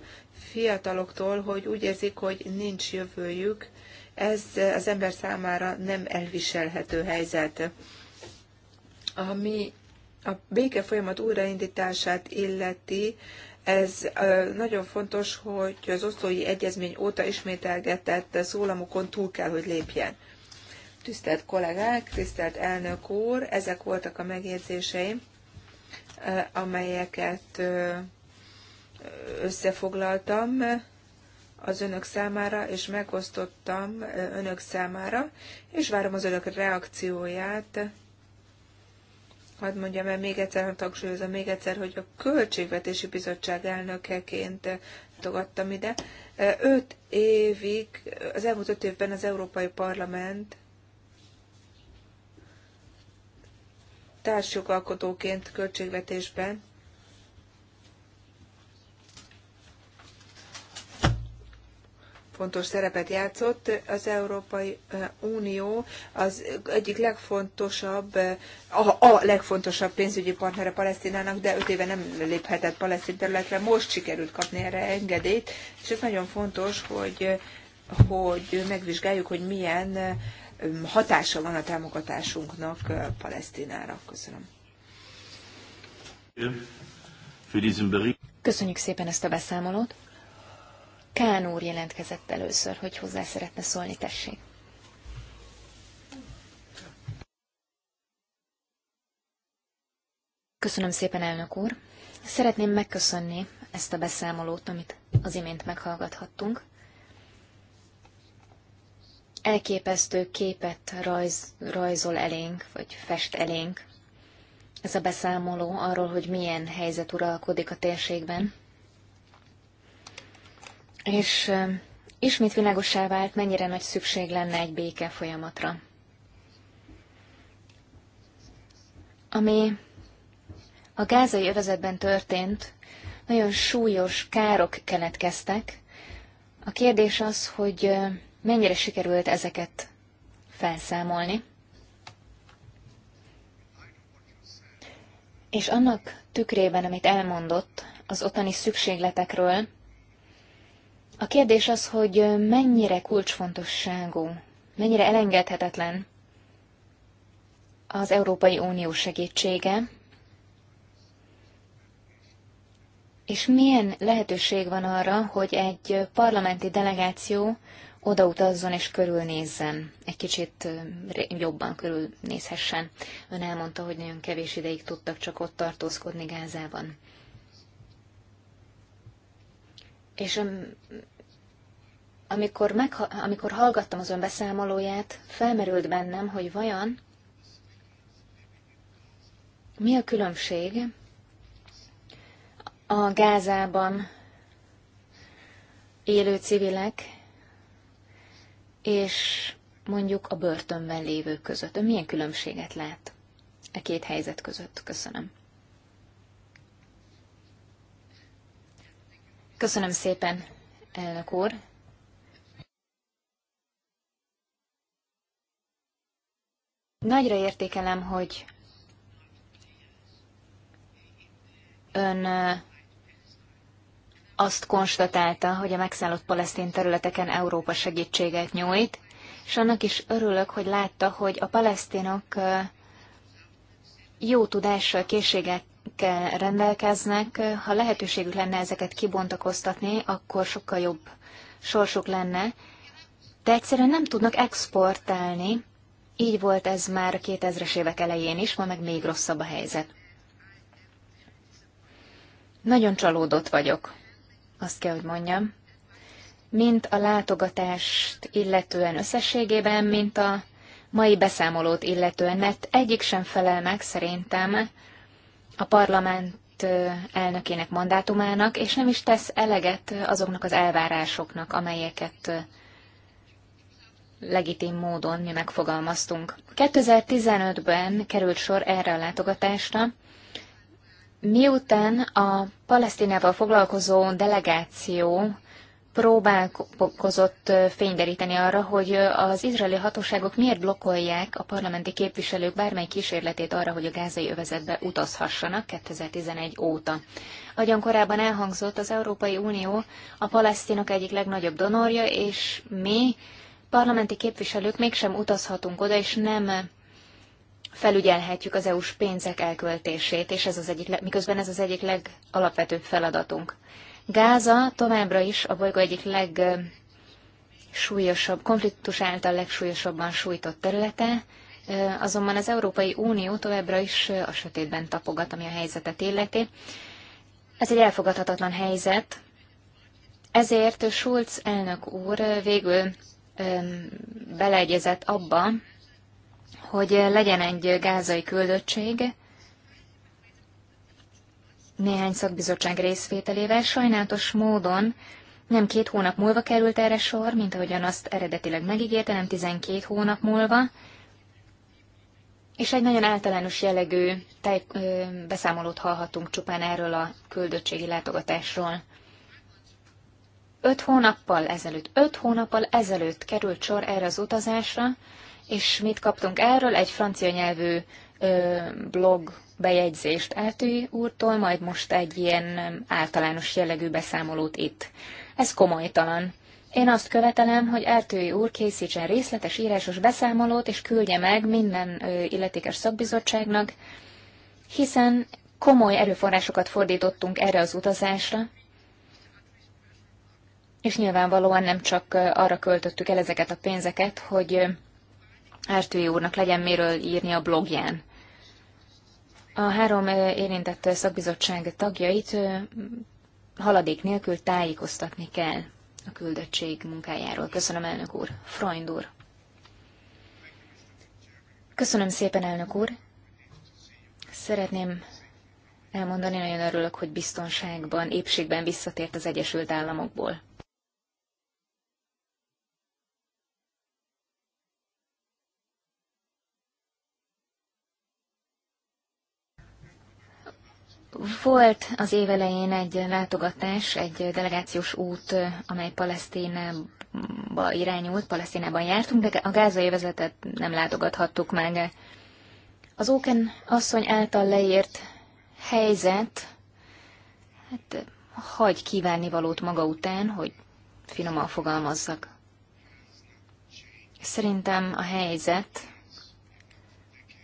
fiataloktól, hogy úgy érzik, hogy nincs jövőjük. Ez az ember számára nem elviselhető helyzet. Ami a béke folyamat újraindítását illeti, ez nagyon fontos, hogy az oszlói egyezmény óta ismételgetett szólamokon túl kell, hogy lépjen. Tisztelt kollégák, tisztelt elnök úr, ezek voltak a megjegyzéseim, amelyeket összefoglaltam az önök számára, és megosztottam önök számára, és várom az önök reakcióját hadd mondjam el még egyszer, ha tagsúlyozom még egyszer, hogy a Költségvetési Bizottság elnökeként tagadtam ide. Öt évig, az elmúlt öt évben az Európai Parlament társjogalkotóként költségvetésben fontos szerepet játszott. Az Európai Unió az egyik legfontosabb, a, a legfontosabb pénzügyi partnere Palesztinának, de öt éve nem léphetett palesztin területre, most sikerült kapni erre engedélyt, és ez nagyon fontos, hogy, hogy megvizsgáljuk, hogy milyen hatása van a támogatásunknak Palesztinára. Köszönöm. Köszönjük szépen ezt a beszámolót. Kán úr jelentkezett először, hogy hozzá szeretne szólni, tessék. Köszönöm szépen, elnök úr. Szeretném megköszönni ezt a beszámolót, amit az imént meghallgathattunk. Elképesztő képet rajz, rajzol elénk, vagy fest elénk ez a beszámoló arról, hogy milyen helyzet uralkodik a térségben és eh, ismét világosá vált, mennyire nagy szükség lenne egy béke folyamatra. Ami a gázai övezetben történt, nagyon súlyos károk keletkeztek. A kérdés az, hogy eh, mennyire sikerült ezeket felszámolni. És annak tükrében, amit elmondott az otani szükségletekről, a kérdés az, hogy mennyire kulcsfontosságú, mennyire elengedhetetlen az Európai Unió segítsége, és milyen lehetőség van arra, hogy egy parlamenti delegáció odautazzon és körülnézzen, egy kicsit jobban körülnézhessen. Ön elmondta, hogy nagyon kevés ideig tudtak csak ott tartózkodni Gázában. És amikor, megha- amikor hallgattam az ön beszámolóját, felmerült bennem, hogy vajon mi a különbség a Gázában élő civilek és mondjuk a börtönben lévők között. Ön milyen különbséget lát e két helyzet között? Köszönöm. Köszönöm szépen, elnök úr. Nagyra értékelem, hogy ön azt konstatálta, hogy a megszállott palesztin területeken Európa segítséget nyújt, és annak is örülök, hogy látta, hogy a palesztinok jó tudással, készséget amikkel rendelkeznek, ha lehetőségük lenne ezeket kibontakoztatni, akkor sokkal jobb sorsuk lenne, de egyszerűen nem tudnak exportálni, így volt ez már a 2000-es évek elején is, ma meg még rosszabb a helyzet. Nagyon csalódott vagyok, azt kell, hogy mondjam. Mint a látogatást illetően összességében, mint a mai beszámolót illetően, mert egyik sem felel meg szerintem a parlament elnökének mandátumának, és nem is tesz eleget azoknak az elvárásoknak, amelyeket legitim módon mi megfogalmaztunk. 2015-ben került sor erre a látogatásra, miután a Palesztinával foglalkozó delegáció próbálkozott fényderíteni arra, hogy az izraeli hatóságok miért blokkolják a parlamenti képviselők bármely kísérletét arra, hogy a gázai övezetbe utazhassanak 2011 óta. Ahogyan korábban elhangzott, az Európai Unió a palesztinok egyik legnagyobb donorja, és mi, parlamenti képviselők mégsem utazhatunk oda, és nem felügyelhetjük az EU-s pénzek elköltését, és ez az egyik, miközben ez az egyik legalapvetőbb feladatunk. Gáza továbbra is a bolygó egyik legsúlyosabb, konfliktus által legsúlyosabban sújtott területe, azonban az Európai Unió továbbra is a sötétben tapogat, ami a helyzetet illeti. Ez egy elfogadhatatlan helyzet, ezért Schulz elnök úr végül beleegyezett abba, hogy legyen egy gázai küldöttség, néhány szakbizottság részvételével. Sajnálatos módon nem két hónap múlva került erre sor, mint ahogyan azt eredetileg megígérte, nem 12 hónap múlva, és egy nagyon általános jellegű tej, ö, beszámolót hallhatunk csupán erről a küldöttségi látogatásról. Öt hónappal ezelőtt, öt hónappal ezelőtt került sor erre az utazásra, és mit kaptunk erről? Egy francia nyelvű ö, blog bejegyzést Átői úrtól, majd most egy ilyen általános jellegű beszámolót itt. Ez komolytalan. Én azt követelem, hogy Ertői úr készítsen részletes írásos beszámolót, és küldje meg minden illetékes szakbizottságnak, hiszen komoly erőforrásokat fordítottunk erre az utazásra, és nyilvánvalóan nem csak arra költöttük el ezeket a pénzeket, hogy Ertői úrnak legyen miről írni a blogján a három érintett szakbizottság tagjait haladék nélkül tájékoztatni kell a küldöttség munkájáról. Köszönöm, elnök úr. Freund úr. Köszönöm szépen, elnök úr. Szeretném elmondani, nagyon örülök, hogy biztonságban, épségben visszatért az Egyesült Államokból. Volt az évelején egy látogatás, egy delegációs út, amely Palesztinába irányult, Palesztinában jártunk, de a gázai vezetet nem látogathattuk meg. Az Óken asszony által leírt helyzet, hát hagy kívánni valót maga után, hogy finoman fogalmazzak. Szerintem a helyzet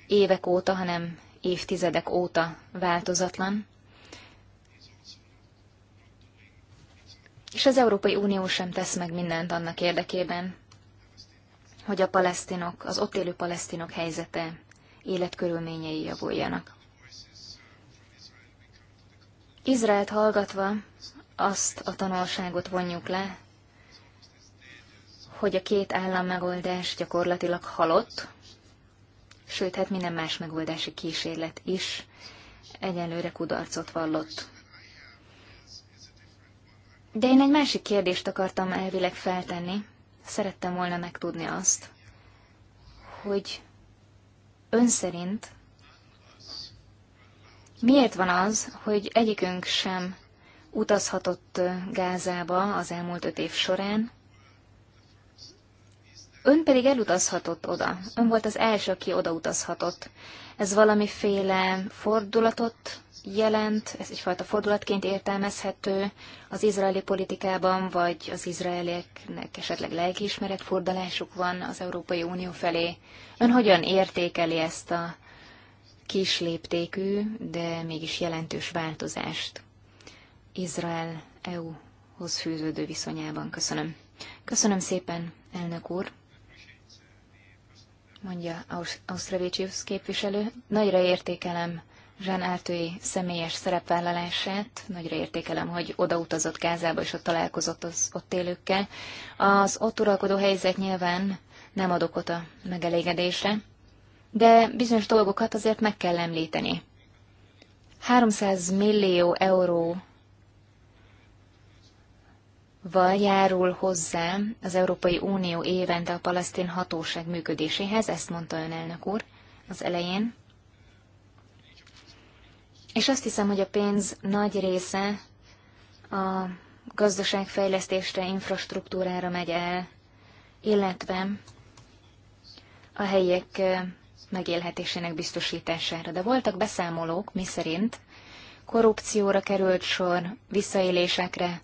évek óta, hanem évtizedek óta változatlan. És az Európai Unió sem tesz meg mindent annak érdekében, hogy a palesztinok, az ott élő palesztinok helyzete, életkörülményei javuljanak. Izraelt hallgatva azt a tanulságot vonjuk le, hogy a két állam megoldás gyakorlatilag halott, sőt, hát minden más megoldási kísérlet is egyenlőre kudarcot vallott. De én egy másik kérdést akartam elvileg feltenni. Szerettem volna megtudni azt, hogy ön szerint miért van az, hogy egyikünk sem utazhatott Gázába az elmúlt öt év során, Ön pedig elutazhatott oda. Ön volt az első, aki odautazhatott. Ez valamiféle fordulatot jelent, ez egyfajta fordulatként értelmezhető az izraeli politikában, vagy az izraelieknek esetleg lelkiismeret fordulásuk van az Európai Unió felé. Ön hogyan értékeli ezt a kis léptékű, de mégis jelentős változást Izrael EU-hoz fűződő viszonyában? Köszönöm. Köszönöm szépen, elnök úr mondja Ausztravicius képviselő. Nagyra értékelem Zsán Ártői személyes szerepvállalását, nagyra értékelem, hogy odautazott Gázába és ott találkozott az ott élőkkel. Az ott uralkodó helyzet nyilván nem ad okot a megelégedésre, de bizonyos dolgokat azért meg kell említeni. 300 millió euró vagy járul hozzá az Európai Unió évente a palasztin hatóság működéséhez, ezt mondta ön elnök úr az elején. És azt hiszem, hogy a pénz nagy része a gazdaságfejlesztésre, infrastruktúrára megy el, illetve a helyiek megélhetésének biztosítására. De voltak beszámolók, miszerint korrupcióra került sor, visszaélésekre,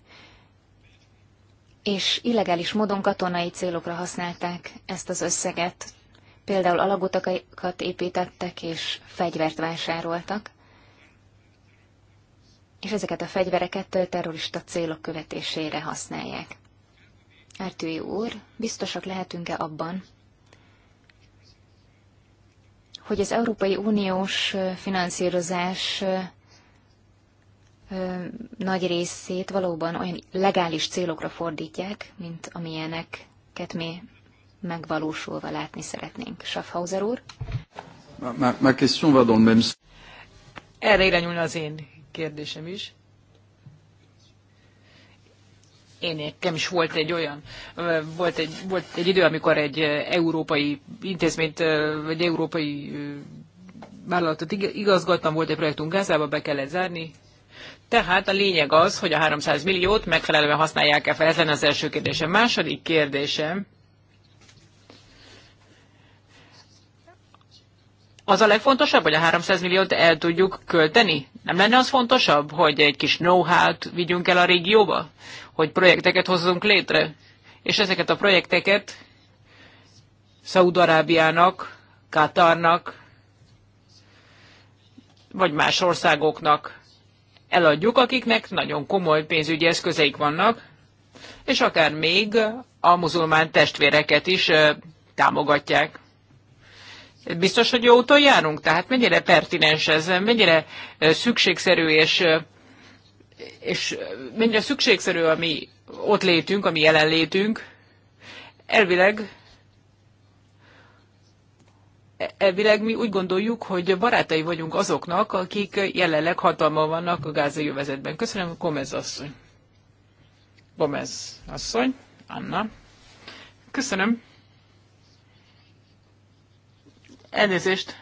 és illegális módon katonai célokra használták ezt az összeget. Például alagutakat építettek és fegyvert vásároltak, és ezeket a fegyvereket terrorista célok követésére használják. Ártői úr, biztosak lehetünk-e abban, hogy az Európai Uniós finanszírozás nagy részét valóban olyan legális célokra fordítják, mint amilyeneket mi megvalósulva látni szeretnénk. Schaffhauser úr? Erre irányul az én kérdésem is. Én nekem is volt egy olyan, volt egy, volt egy idő, amikor egy európai intézményt, vagy európai vállalatot igazgattam, volt egy projektunk Gázába, be kellett zárni, tehát a lényeg az, hogy a 300 milliót megfelelően használják-e fel. Ez lenne az első kérdésem. Második kérdésem, az a legfontosabb, hogy a 300 milliót el tudjuk költeni? Nem lenne az fontosabb, hogy egy kis know-how-t vigyünk el a régióba? Hogy projekteket hozzunk létre? És ezeket a projekteket Szaúd-Arábiának, Katarnak, vagy más országoknak eladjuk, akiknek nagyon komoly pénzügyi eszközeik vannak, és akár még a muzulmán testvéreket is támogatják. Biztos, hogy jó úton járunk? Tehát mennyire pertinens ez, mennyire szükségszerű és, és mennyire szükségszerű a mi ott létünk, a mi jelenlétünk. Elvileg elvileg mi úgy gondoljuk, hogy barátai vagyunk azoknak, akik jelenleg hatalma vannak a gázai jövezetben. Köszönöm, Gomez asszony. Gomez asszony, Anna. Köszönöm. Elnézést.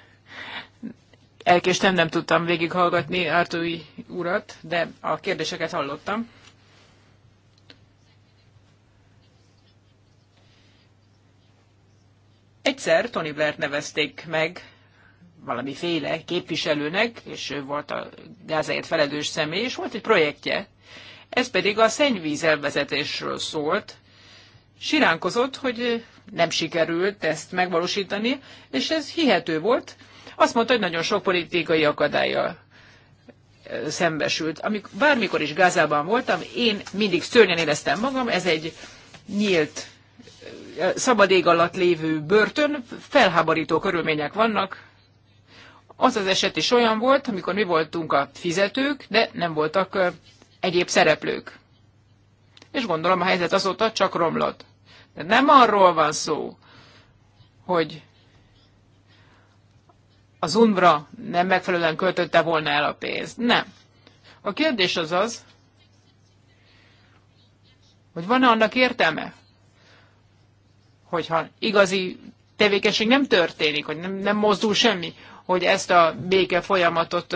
Elkéstem, nem tudtam végighallgatni Artói urat, de a kérdéseket hallottam. Egyszer Tony Blair nevezték meg valamiféle képviselőnek, és ő volt a Gázáért felelős személy, és volt egy projektje. Ez pedig a szennyvíz elvezetésről szólt. Siránkozott, hogy nem sikerült ezt megvalósítani, és ez hihető volt. Azt mondta, hogy nagyon sok politikai akadálya szembesült. Amik, bármikor is Gázában voltam, én mindig szörnyen éreztem magam, ez egy nyílt szabad ég alatt lévő börtön, felháborító körülmények vannak. Az az eset is olyan volt, amikor mi voltunk a fizetők, de nem voltak egyéb szereplők. És gondolom a helyzet azóta csak romlott. De nem arról van szó, hogy az UNBRA nem megfelelően költötte volna el a pénzt. Nem. A kérdés az az, hogy van-e annak értelme, hogyha igazi tevékenység nem történik, hogy nem, nem mozdul semmi, hogy ezt a béke folyamatot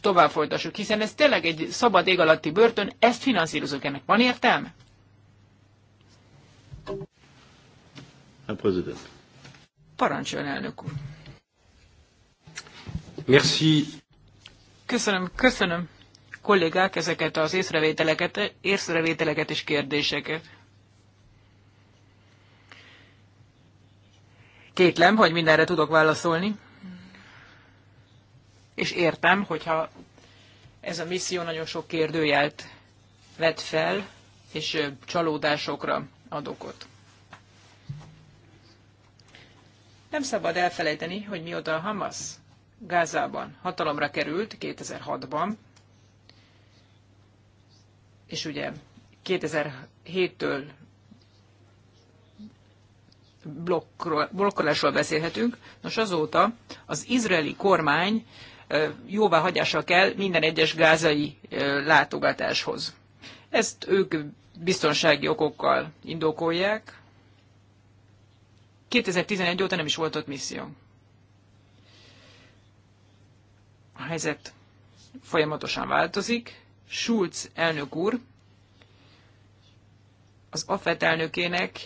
tovább folytassuk, hiszen ez tényleg egy szabad ég alatti börtön, ezt finanszírozunk, ennek van értelme? Herr Präsident. Parancsoljon, elnök úr. Merci. Köszönöm, köszönöm kollégák ezeket az észrevételeket, észrevételeket és kérdéseket. kétlem, hogy mindenre tudok válaszolni. És értem, hogyha ez a misszió nagyon sok kérdőjelt vet fel, és csalódásokra ad okot. Nem szabad elfelejteni, hogy mióta a Hamas Gázában hatalomra került 2006-ban, és ugye 2007-től blokkolásról beszélhetünk. Nos, azóta az izraeli kormány jóváhagyása kell minden egyes gázai látogatáshoz. Ezt ők biztonsági okokkal indokolják. 2011 óta nem is volt ott misszió. A helyzet folyamatosan változik. Schulz elnök úr az AFET elnökének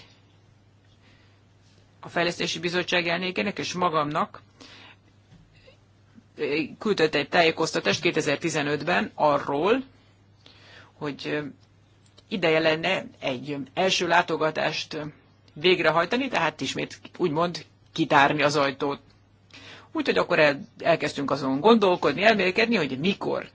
a Fejlesztési Bizottság elnékének és magamnak eh, küldött egy tájékoztatást 2015-ben arról, hogy eh, ideje lenne egy első látogatást eh, végrehajtani, tehát ismét úgymond kitárni az ajtót. Úgyhogy akkor el, elkezdtünk azon gondolkodni, elmélkedni, hogy mikor,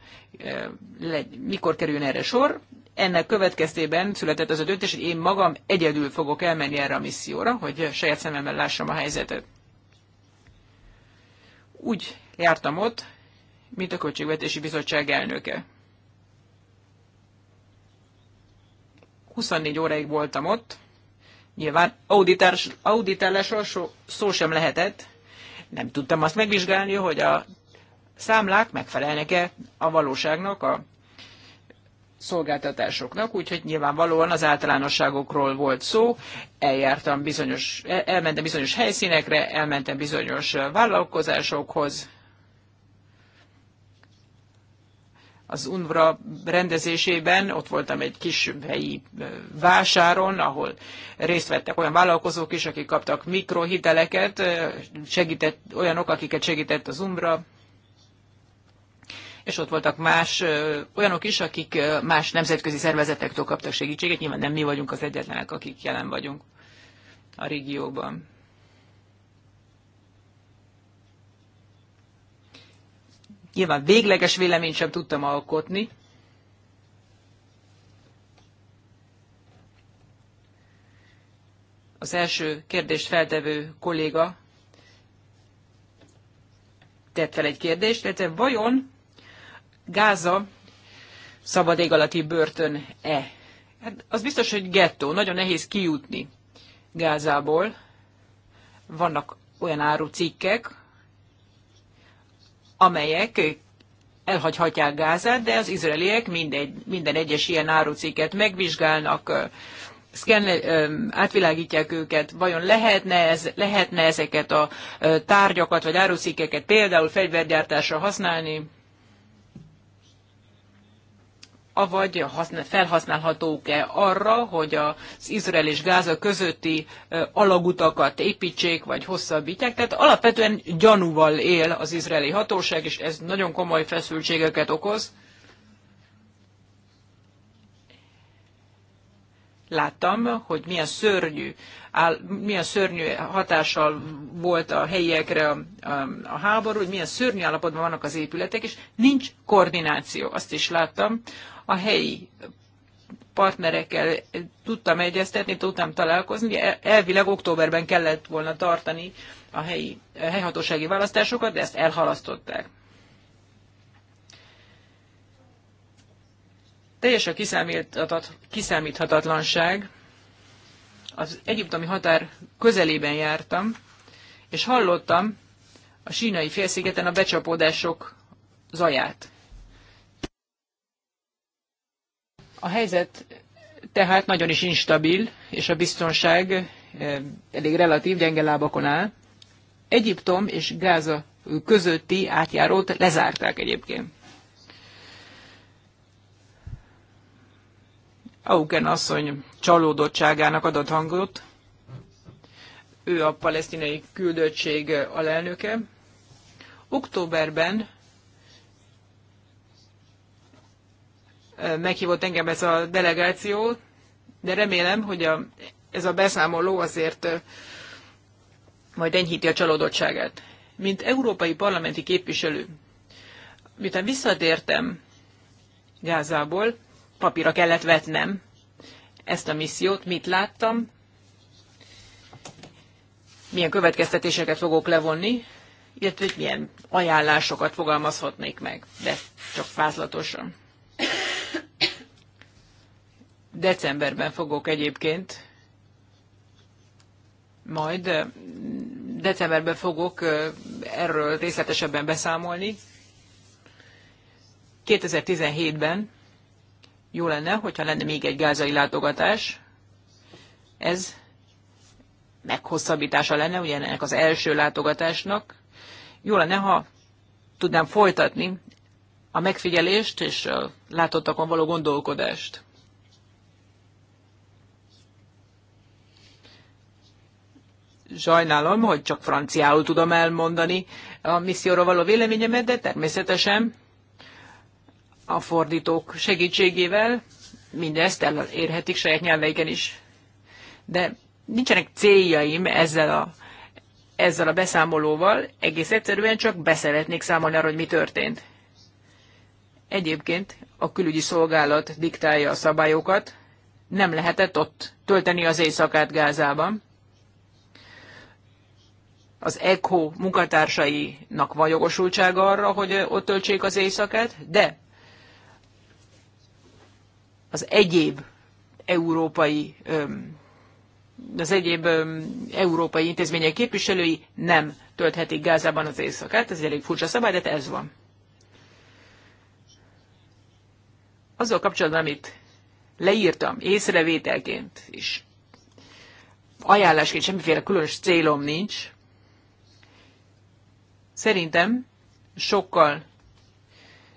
le, mikor kerüljön erre sor, ennek következtében született az a döntés, hogy én magam egyedül fogok elmenni erre a misszióra, hogy saját szememmel lássam a helyzetet. Úgy jártam ott, mint a Költségvetési Bizottság elnöke. 24 óráig voltam ott, nyilván auditálásról szó sem lehetett, nem tudtam azt megvizsgálni, hogy a számlák megfelelnek-e a valóságnak, a szolgáltatásoknak, úgyhogy nyilvánvalóan az általánosságokról volt szó, eljártam bizonyos, e, elmentem bizonyos helyszínekre, elmentem bizonyos vállalkozásokhoz, az UNVRA rendezésében, ott voltam egy kis helyi vásáron, ahol részt vettek olyan vállalkozók is, akik kaptak mikrohiteleket, segített, olyanok, akiket segített az UNVRA, és ott voltak más olyanok is, akik más nemzetközi szervezetektől kaptak segítséget, nyilván nem mi vagyunk az egyetlenek, akik jelen vagyunk a régióban. Nyilván végleges véleményt sem tudtam alkotni, az első kérdést feltevő kolléga tett fel egy kérdést, illetve vajon Gáza szabad ég alatti börtön-e? Hát az biztos, hogy gettó, nagyon nehéz kijutni Gázából. Vannak olyan árucikkek, amelyek elhagyhatják Gázát, de az izraeliek mindegy, minden egyes ilyen árucikket megvizsgálnak, szken, átvilágítják őket, vajon lehetne, ez, lehetne ezeket a tárgyakat vagy árucikkeket például fegyvergyártásra használni, avagy felhasználhatók-e arra, hogy az Izrael és Gáza közötti alagutakat építsék, vagy hosszabbítják. Tehát alapvetően gyanúval él az izraeli hatóság, és ez nagyon komoly feszültségeket okoz. láttam, hogy milyen szörnyű, áll, milyen szörnyű hatással volt a helyiekre a, a, a háború, hogy milyen szörnyű állapotban vannak az épületek, és nincs koordináció. Azt is láttam. A helyi partnerekkel tudtam egyeztetni, tudtam találkozni. E, elvileg októberben kellett volna tartani a helyi a helyhatósági választásokat, de ezt elhalasztották. Teljes a kiszámíthatatlanság. Az egyiptomi határ közelében jártam, és hallottam a sínai félszigeten a becsapódások zaját. A helyzet tehát nagyon is instabil, és a biztonság eh, elég relatív, gyenge lábakon áll. Egyiptom és Gáza közötti átjárót lezárták egyébként. Auken asszony csalódottságának adott hangot. Ő a palesztinai küldöttség alelnöke. Októberben meghívott engem ez a delegáció, de remélem, hogy a, ez a beszámoló azért majd enyhíti a csalódottságát. Mint európai parlamenti képviselő, miután visszatértem Gázából, papíra kellett vetnem ezt a missziót, mit láttam, milyen következtetéseket fogok levonni, illetve hogy milyen ajánlásokat fogalmazhatnék meg, de csak fázlatosan. Decemberben fogok egyébként, majd decemberben fogok erről részletesebben beszámolni. 2017-ben jó lenne, hogyha lenne még egy gázai látogatás. Ez meghosszabbítása lenne, ugye ennek az első látogatásnak. Jó lenne, ha tudnám folytatni a megfigyelést és a látottakon való gondolkodást. Sajnálom, hogy csak franciául tudom elmondani a misszióra való véleményemet, de természetesen a fordítók segítségével mindezt elérhetik saját nyelveiken is. De nincsenek céljaim ezzel a, ezzel a beszámolóval, egész egyszerűen csak beszeretnék számolni arra, hogy mi történt. Egyébként a külügyi szolgálat diktálja a szabályokat, nem lehetett ott tölteni az éjszakát Gázában. Az ECHO munkatársainak van jogosultsága arra, hogy ott töltsék az éjszakát, de az egyéb európai az egyéb európai intézmények képviselői nem tölthetik Gázában az éjszakát. Ez elég furcsa szabály, de ez van. Azzal kapcsolatban, amit leírtam észrevételként, és ajánlásként semmiféle különös célom nincs, szerintem sokkal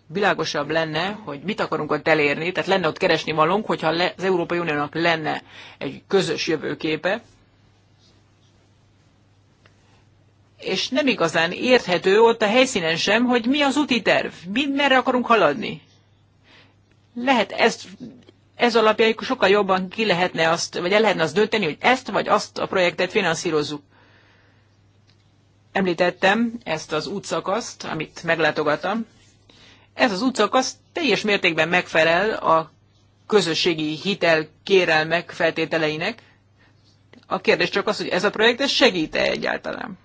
világosabb lenne, hogy mit akarunk ott elérni, tehát lenne ott keresni valónk, hogyha az Európai Uniónak lenne egy közös jövőképe, és nem igazán érthető ott a helyszínen sem, hogy mi az úti terv, mi, merre akarunk haladni. Lehet ezt, ez alapján sokkal jobban ki lehetne azt, vagy el lehetne azt dönteni, hogy ezt vagy azt a projektet finanszírozzuk. Említettem ezt az útszakaszt, amit meglátogattam. Ez az útszakasz teljes mértékben megfelel a közösségi hitel kérelmek feltételeinek. A kérdés csak az, hogy ez a projekt ez segít-e egyáltalán.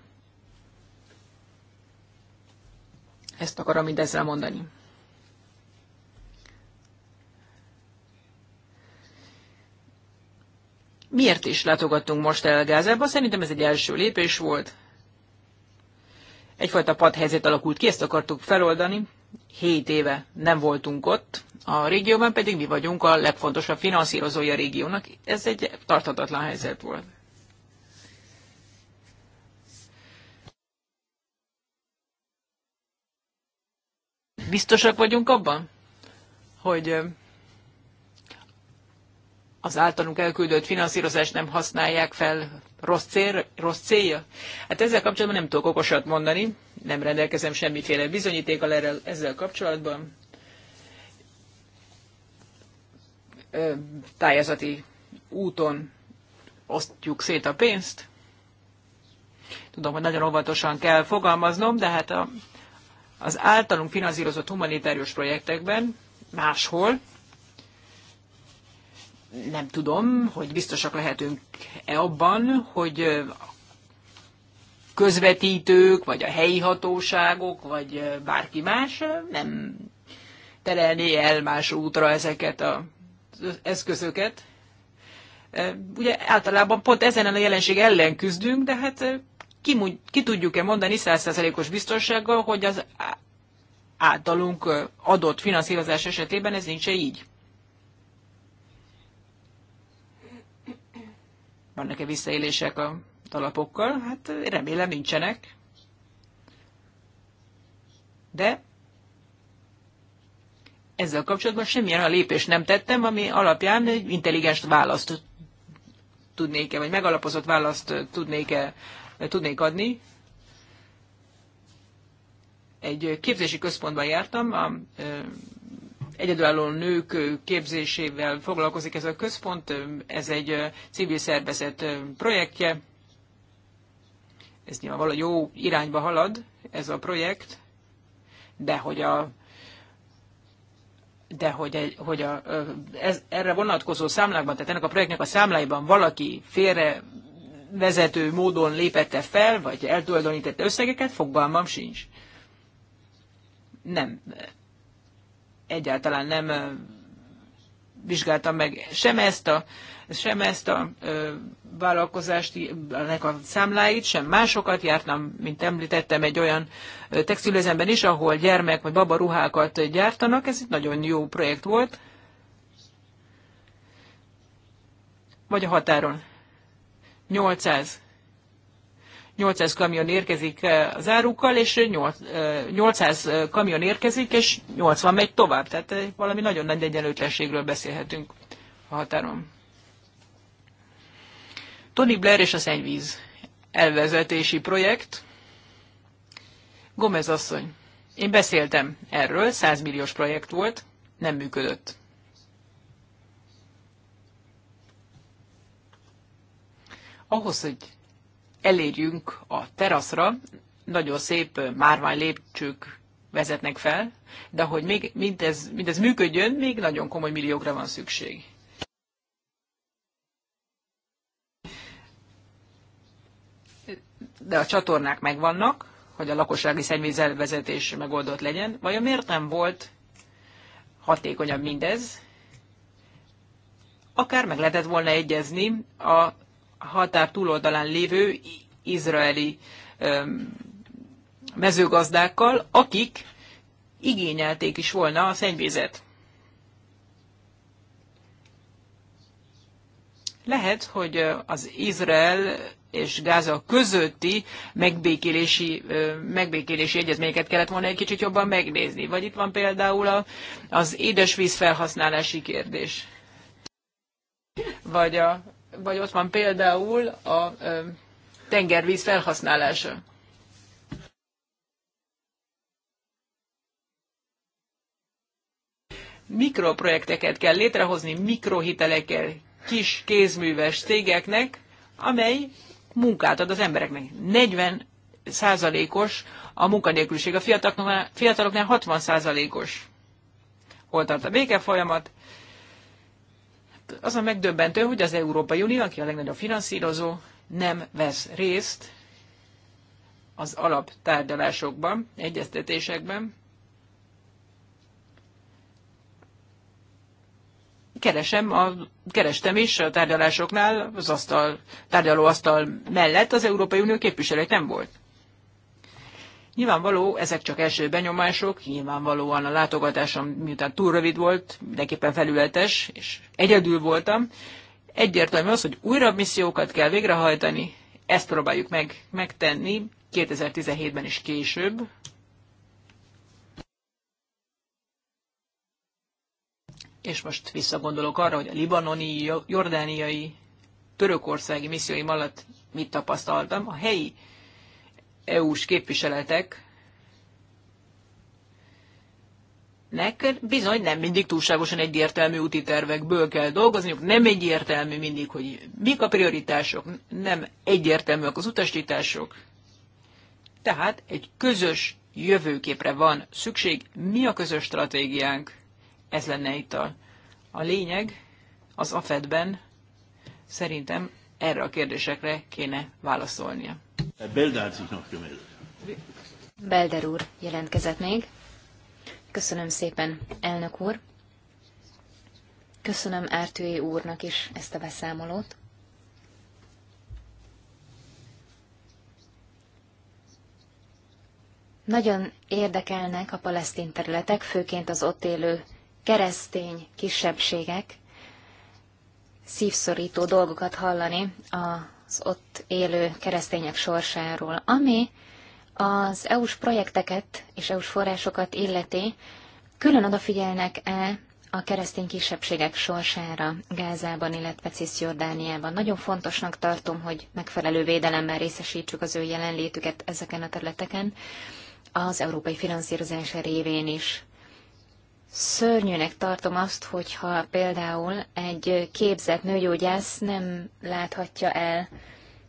Ezt akarom mindezzel mondani. Miért is látogattunk most el Gázába? Szerintem ez egy első lépés volt. Egyfajta padhelyzet alakult ki, ezt akartuk feloldani. 7 éve nem voltunk ott, a régióban pedig mi vagyunk a legfontosabb finanszírozói a régiónak. Ez egy tartatatlan helyzet volt. Biztosak vagyunk abban, hogy az általunk elküldött finanszírozást nem használják fel rossz, cél, rossz célja? Hát ezzel kapcsolatban nem tudok okosat mondani, nem rendelkezem semmiféle bizonyítékkal erre, ezzel kapcsolatban. Tájázati úton osztjuk szét a pénzt. Tudom, hogy nagyon óvatosan kell fogalmaznom, de hát a, az általunk finanszírozott humanitárius projektekben máshol, nem tudom, hogy biztosak lehetünk-e abban, hogy közvetítők, vagy a helyi hatóságok, vagy bárki más nem terelné el más útra ezeket az eszközöket. Ugye általában pont ezen a jelenség ellen küzdünk, de hát ki, ki tudjuk-e mondani százszerzelékos biztonsággal, hogy az általunk adott finanszírozás esetében ez nincs -e így. vannak-e visszaélések a talapokkal? Hát remélem nincsenek. De ezzel kapcsolatban semmilyen a lépést nem tettem, ami alapján egy intelligens választ tudnék-e, vagy megalapozott választ tudnék-e tudnék adni. Egy képzési központban jártam, a egyedülálló nők képzésével foglalkozik ez a központ, ez egy civil szervezet projektje, ez nyilvánvalóan jó irányba halad ez a projekt, de hogy a de hogy, egy, hogy a, ez, erre vonatkozó számlákban, tehát ennek a projektnek a számláiban valaki félre vezető módon lépette fel, vagy eltulajdonította összegeket, fogalmam sincs. Nem egyáltalán nem vizsgáltam meg sem ezt a, sem ezt a vállalkozást, ennek a számláit, sem másokat. Jártam, mint említettem, egy olyan textilüzemben is, ahol gyermek vagy baba ruhákat gyártanak. Ez egy nagyon jó projekt volt. Vagy a határon. 800 800 kamion érkezik eh, az árukkal, és 800 eh, eh, kamion érkezik, és 80 megy tovább. Tehát valami nagyon nagy egyenlőtlenségről beszélhetünk a határon. Tony Blair és a szennyvíz elvezetési projekt. Gomez asszony, én beszéltem erről, 100 milliós projekt volt, nem működött. Ahhoz, hogy elérjünk a teraszra, nagyon szép márvány lépcsők vezetnek fel, de hogy még mindez, mindez működjön, még nagyon komoly milliókra van szükség. De a csatornák megvannak, hogy a lakossági szennyvízelvezetés megoldott legyen. Vajon miért nem volt hatékonyabb mindez? Akár meg lehetett volna egyezni a határ túloldalán lévő izraeli mezőgazdákkal, akik igényelték is volna a szennyvizet. Lehet, hogy az Izrael és Gáza közötti megbékélési, megbékélési egyezményeket kellett volna egy kicsit jobban megnézni. Vagy itt van például az édesvíz felhasználási kérdés. Vagy a vagy ott van például a tengervíz felhasználása. Mikroprojekteket kell létrehozni, mikrohitelekkel kis kézműves cégeknek, amely munkát ad az embereknek. 40 százalékos a munkanélküliség, a fiataloknál, fiataloknál 60 százalékos. Hol tart a folyamat? az a megdöbbentő, hogy az Európai Unió, aki a legnagyobb finanszírozó, nem vesz részt az alaptárgyalásokban, egyeztetésekben. Keresem a, kerestem is a tárgyalásoknál, az asztal, tárgyalóasztal mellett az Európai Unió képviselőt nem volt. Nyilvánvaló, ezek csak első benyomások, nyilvánvalóan a látogatásom miután túl rövid volt, mindenképpen felületes, és egyedül voltam. Egyértelmű az, hogy újra missziókat kell végrehajtani, ezt próbáljuk meg, megtenni 2017-ben is később. És most visszagondolok arra, hogy a libanoni, jordániai, törökországi misszióim alatt mit tapasztaltam. A helyi EU-s képviseletek nek bizony nem mindig túlságosan egyértelmű úti tervekből kell dolgozniuk, nem egyértelmű mindig, hogy mik a prioritások, nem egyértelműek az utasítások. Tehát egy közös jövőképre van szükség, mi a közös stratégiánk, ez lenne itt a, a lényeg, az AFED-ben szerintem erre a kérdésekre kéne válaszolnia. Belder úr jelentkezett még. Köszönöm szépen, elnök úr. Köszönöm Ártői úrnak is ezt a beszámolót. Nagyon érdekelnek a palesztin területek, főként az ott élő keresztény kisebbségek. Szívszorító dolgokat hallani a az ott élő keresztények sorsáról, ami az EU-s projekteket és EU-s forrásokat illeti, külön odafigyelnek-e a keresztény kisebbségek sorsára Gázában, illetve Cisziordániában. Nagyon fontosnak tartom, hogy megfelelő védelemmel részesítsük az ő jelenlétüket ezeken a területeken, az európai finanszírozása révén is. Szörnyűnek tartom azt, hogyha például egy képzett nőgyógyász nem láthatja el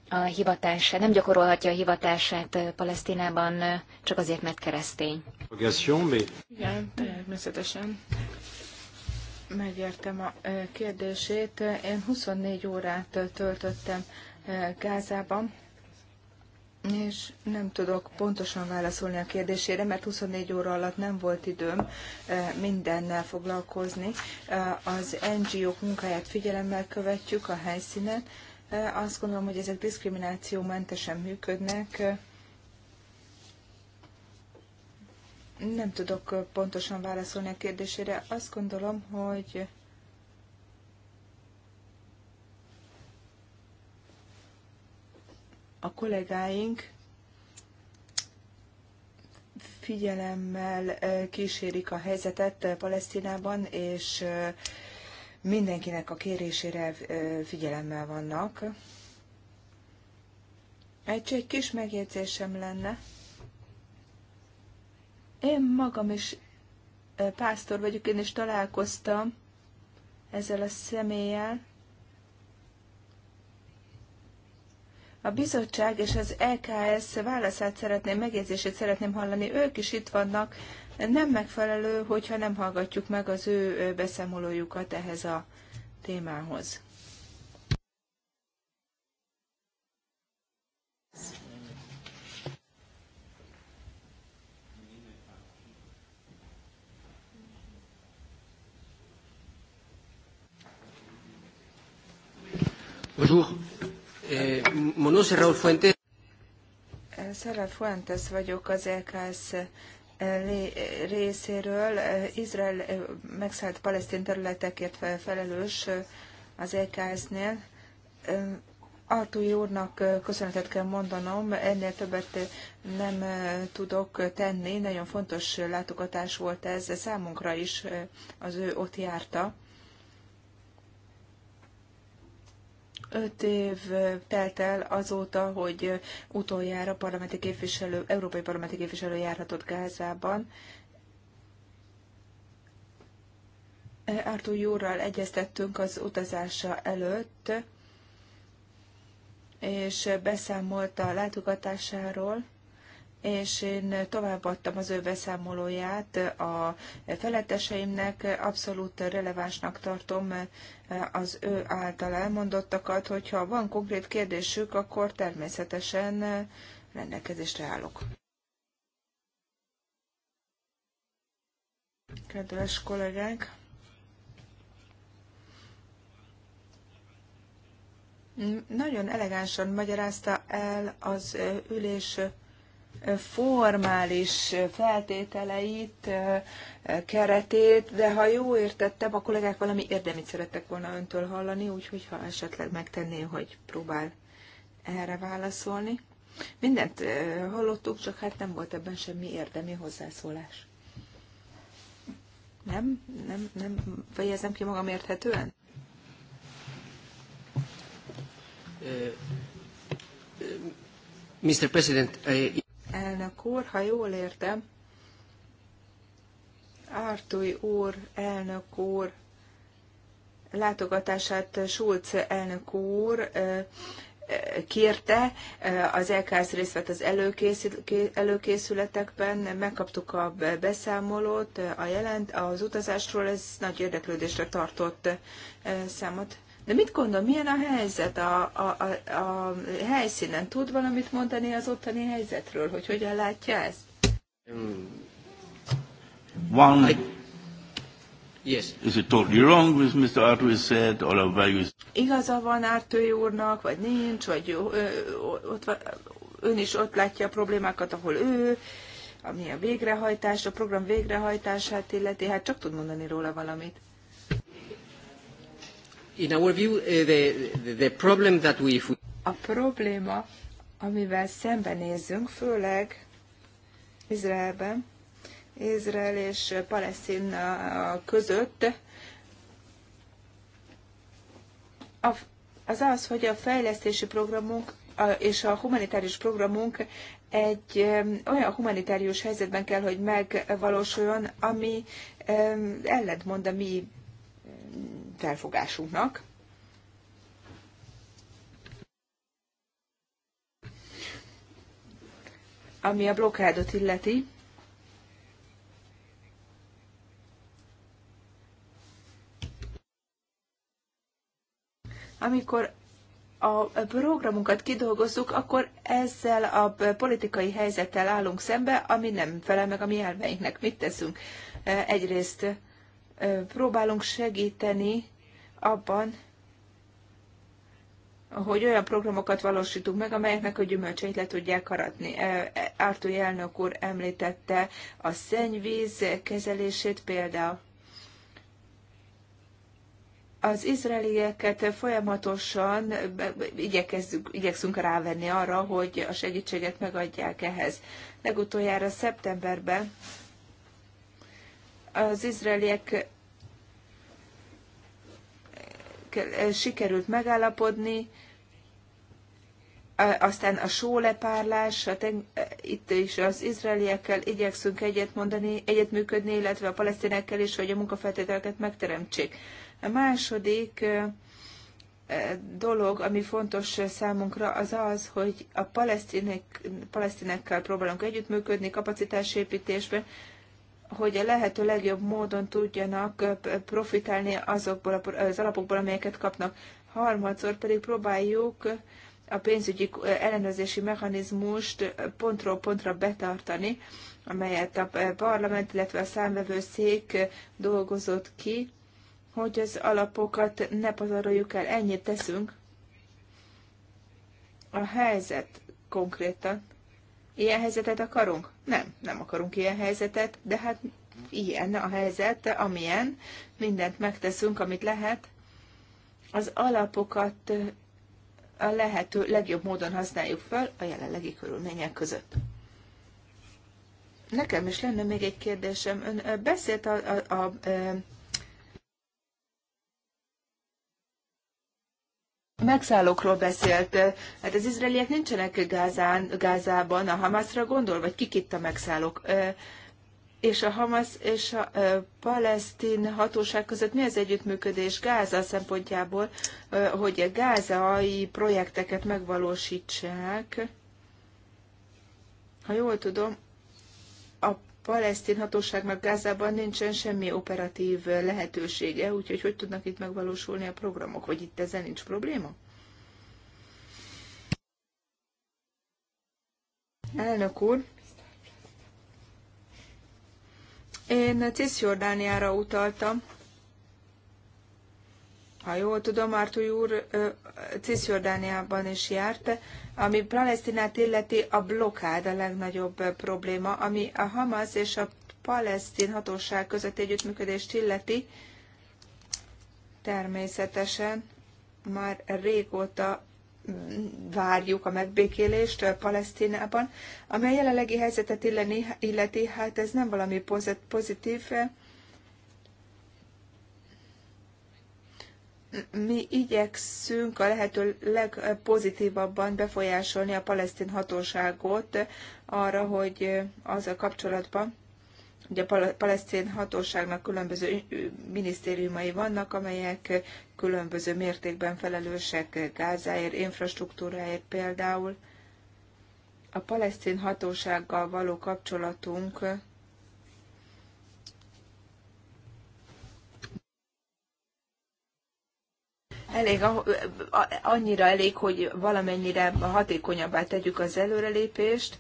a hivatását, nem gyakorolhatja a hivatását Palesztinában csak azért, mert keresztény. Igen, természetesen megértem a kérdését. Én 24 órát töltöttem Gázában, és nem tudok pontosan válaszolni a kérdésére, mert 24 óra alatt nem volt időm eh, mindennel foglalkozni. Eh, az NGO-k munkáját figyelemmel követjük a helyszínen. Eh, azt gondolom, hogy ezek diszkriminációmentesen működnek. Nem tudok pontosan válaszolni a kérdésére. Azt gondolom, hogy a kollégáink figyelemmel eh, kísérik a helyzetet eh, Palesztinában, és eh, mindenkinek a kérésére figyelemmel vannak. Egy, egy kis megjegyzésem lenne. Én magam is pásztor vagyok, én is találkoztam ezzel a személlyel, A bizottság és az EKS válaszát szeretném, megjegyzését szeretném hallani. Ők is itt vannak. Nem megfelelő, hogyha nem hallgatjuk meg az ő beszámolójukat ehhez a témához. Bonjour eh, Raúl Fuentes. Szara Fuentes vagyok az EKSZ eh, eh, részéről. Eh, Izrael megszállt palesztin területekért felelős az EKS-nél. Artúi úrnak köszönetet kell mondanom, ennél többet nem tudok tenni. Nagyon fontos látogatás volt ez számunkra is, az ő ott járta. öt év telt el azóta, hogy utoljára parlamenti képviselő, európai parlamenti képviselő járhatott Gázában. Artur Júrral egyeztettünk az utazása előtt, és beszámolt a látogatásáról és én továbbadtam az ő beszámolóját a feletteseimnek, abszolút relevánsnak tartom az ő által elmondottakat, hogyha van konkrét kérdésük, akkor természetesen rendelkezésre állok. Kedves kollégák! Nagyon elegánsan magyarázta el az ülés formális feltételeit, keretét, de ha jó értettem, a kollégák valami érdemit szerettek volna öntől hallani, úgyhogy ha esetleg megtenné, hogy próbál erre válaszolni. Mindent hallottuk, csak hát nem volt ebben semmi érdemi hozzászólás. Nem? Nem, nem fejezem ki magam érthetően? Mr. President, I elnök úr. Ha jól értem, Artúj úr, elnök úr, látogatását Schulz elnök úr kérte, az LKS részt vett az előkészületekben, megkaptuk a beszámolót, a jelent, az utazásról, ez nagy érdeklődésre tartott számot. De mit gondol, milyen a helyzet a, a, a, a helyszínen? Tud valamit mondani az ottani helyzetről, hogy hogyan látja ezt? Mm. One, I, yes. Is it totally wrong with Mr. Artui said, or a values? Igaza van Artui úrnak, vagy nincs, vagy ö, ott van, ön is ott látja a problémákat, ahol ő, ami a végrehajtás, a program végrehajtását illeti, hát csak tud mondani róla valamit in our view, eh, the, the problem that we... A probléma, amivel szembenézünk, főleg Izraelben, Izrael és Palesztin között, az az, hogy a fejlesztési programunk és a humanitárius programunk egy olyan humanitárius helyzetben kell, hogy megvalósuljon, ami ellentmond a mi felfogásunknak. Ami a blokkádot illeti, amikor a programunkat kidolgozzuk, akkor ezzel a politikai helyzettel állunk szembe, ami nem felel meg a mi elveinknek. Mit teszünk? Egyrészt próbálunk segíteni abban, hogy olyan programokat valósítunk meg, amelyeknek a gyümölcseit le tudják aratni. Ártói e, elnök úr említette a szennyvíz kezelését például. Az izraelieket folyamatosan igyekezzük, igyekszünk rávenni arra, hogy a segítséget megadják ehhez. Legutoljára szeptemberben az izraeliek eh, sikerült megállapodni, eh, aztán a sólepárlás, a ten, eh, itt is az izraeliekkel igyekszünk egyet mondani, egyetműködni, illetve a palesztinekkel is, hogy a munkafeltételeket megteremtsék. A második dolog, ami fontos számunkra, az az, hogy a palesztinek, palesztinekkel próbálunk együttműködni kapacitásépítésben, hogy a lehető legjobb módon tudjanak profitálni azokból az alapokból, amelyeket kapnak. Harmadszor pedig próbáljuk a pénzügyi ellenőrzési mechanizmust pontról pontra betartani, amelyet a parlament, illetve a számvevőszék dolgozott ki, hogy az alapokat ne pazaroljuk el. Ennyit teszünk. A helyzet konkrétan Ilyen helyzetet akarunk? Nem, nem akarunk ilyen helyzetet, de hát ilyen a helyzet, amilyen. Mindent megteszünk, amit lehet. Az alapokat a lehető legjobb módon használjuk fel a jelenlegi körülmények között. Nekem is lenne még egy kérdésem. Ön beszélt a, a, a, megszállókról beszélt. Hát az izraeliek nincsenek Gázán, Gázában, a Hamasra gondol, vagy kik itt a megszállók? És a Hamas és a palesztin hatóság között mi az együttműködés Gáza szempontjából, hogy a gázai projekteket megvalósítsák? Ha jól tudom, palesztin hatóságnak Gázában nincsen semmi operatív lehetősége, úgyhogy hogy tudnak itt megvalósulni a programok, vagy itt ezen nincs probléma? Elnök úr, én Cisjordániára utaltam, ha jól tudom, Artúj úr Cisjordániában is járt, ami Palesztinát illeti a blokád a legnagyobb probléma, ami a Hamas és a palesztin hatóság közötti együttműködést illeti. Természetesen már régóta mm, várjuk a megbékélést Palesztinában, amely jelenlegi helyzetet illeti, hát ez nem valami pozitív, mi igyekszünk a lehető legpozitívabban befolyásolni a palesztin hatóságot arra, hogy az a kapcsolatban, hogy a palesztin hatóságnak különböző minisztériumai vannak, amelyek különböző mértékben felelősek Gázáért, infrastruktúráért például. A palesztin hatósággal való kapcsolatunk elég, annyira elég, hogy valamennyire hatékonyabbá tegyük az előrelépést,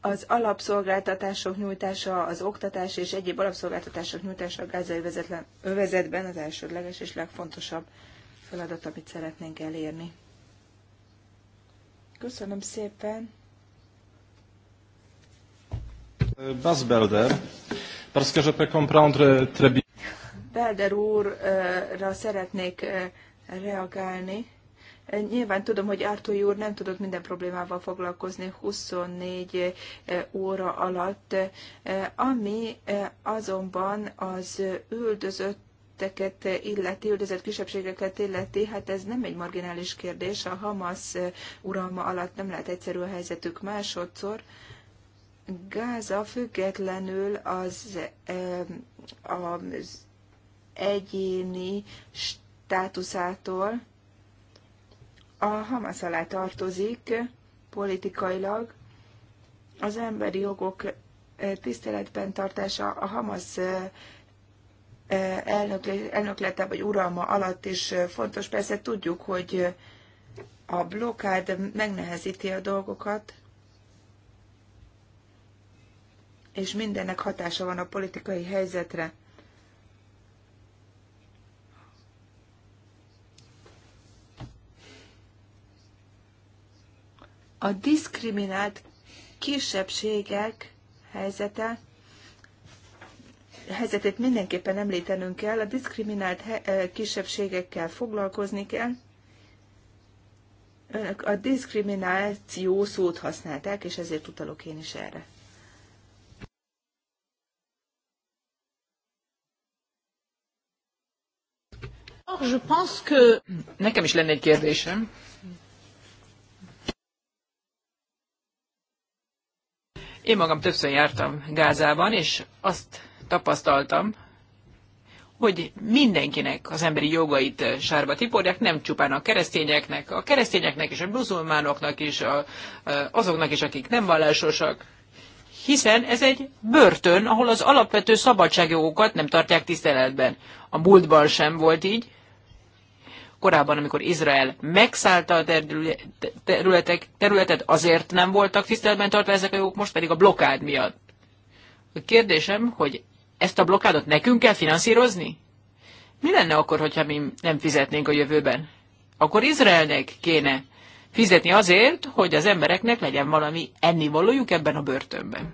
az alapszolgáltatások nyújtása, az oktatás és egyéb alapszolgáltatások nyújtása a gázai övezetben az elsődleges és legfontosabb feladat, amit szeretnénk elérni. Köszönöm szépen! Belder parce que je peux comprendre très bien. Belder úrra szeretnék reagálni. Nyilván tudom, hogy Ártói úr nem tudott minden problémával foglalkozni 24 óra alatt, ami azonban az üldözött illeti, üldözött kisebbségeket illeti, hát ez nem egy marginális kérdés. A Hamas uralma alatt nem lehet egyszerű a helyzetük másodszor. Gáza függetlenül az, eh, az egyéni státuszától a Hamas alá tartozik politikailag. Az emberi jogok eh, tiszteletben tartása a Hamas eh, elnöklete vagy uralma alatt is fontos. Persze tudjuk, hogy a blokád megnehezíti a dolgokat, és mindennek hatása van a politikai helyzetre. A diszkriminált kisebbségek helyzete helyzetét mindenképpen említenünk kell, a diszkriminált kisebbségekkel foglalkozni kell. Önök a diszkrimináció szót használták, és ezért utalok én is erre. alors je pense que... Nekem is lenne egy kérdésem. Én magam többször jártam Gázában, és azt tapasztaltam, hogy mindenkinek az emberi jogait eh, sárba tiporják, nem csupán a keresztényeknek, a keresztényeknek és a muzulmánoknak is, a, eh, azoknak is, akik nem vallásosak, hiszen ez egy börtön, ahol az alapvető szabadságjogokat nem tartják tiszteletben. A múltban sem volt így korábban, amikor Izrael megszállta a területek, területet, azért nem voltak tiszteletben tartva ezek a jogok, most pedig a blokád miatt. A kérdésem, hogy ezt a blokádot nekünk kell finanszírozni? Mi lenne akkor, hogyha mi nem fizetnénk a jövőben? Akkor Izraelnek kéne fizetni azért, hogy az embereknek legyen valami ennivalójuk ebben a börtönben.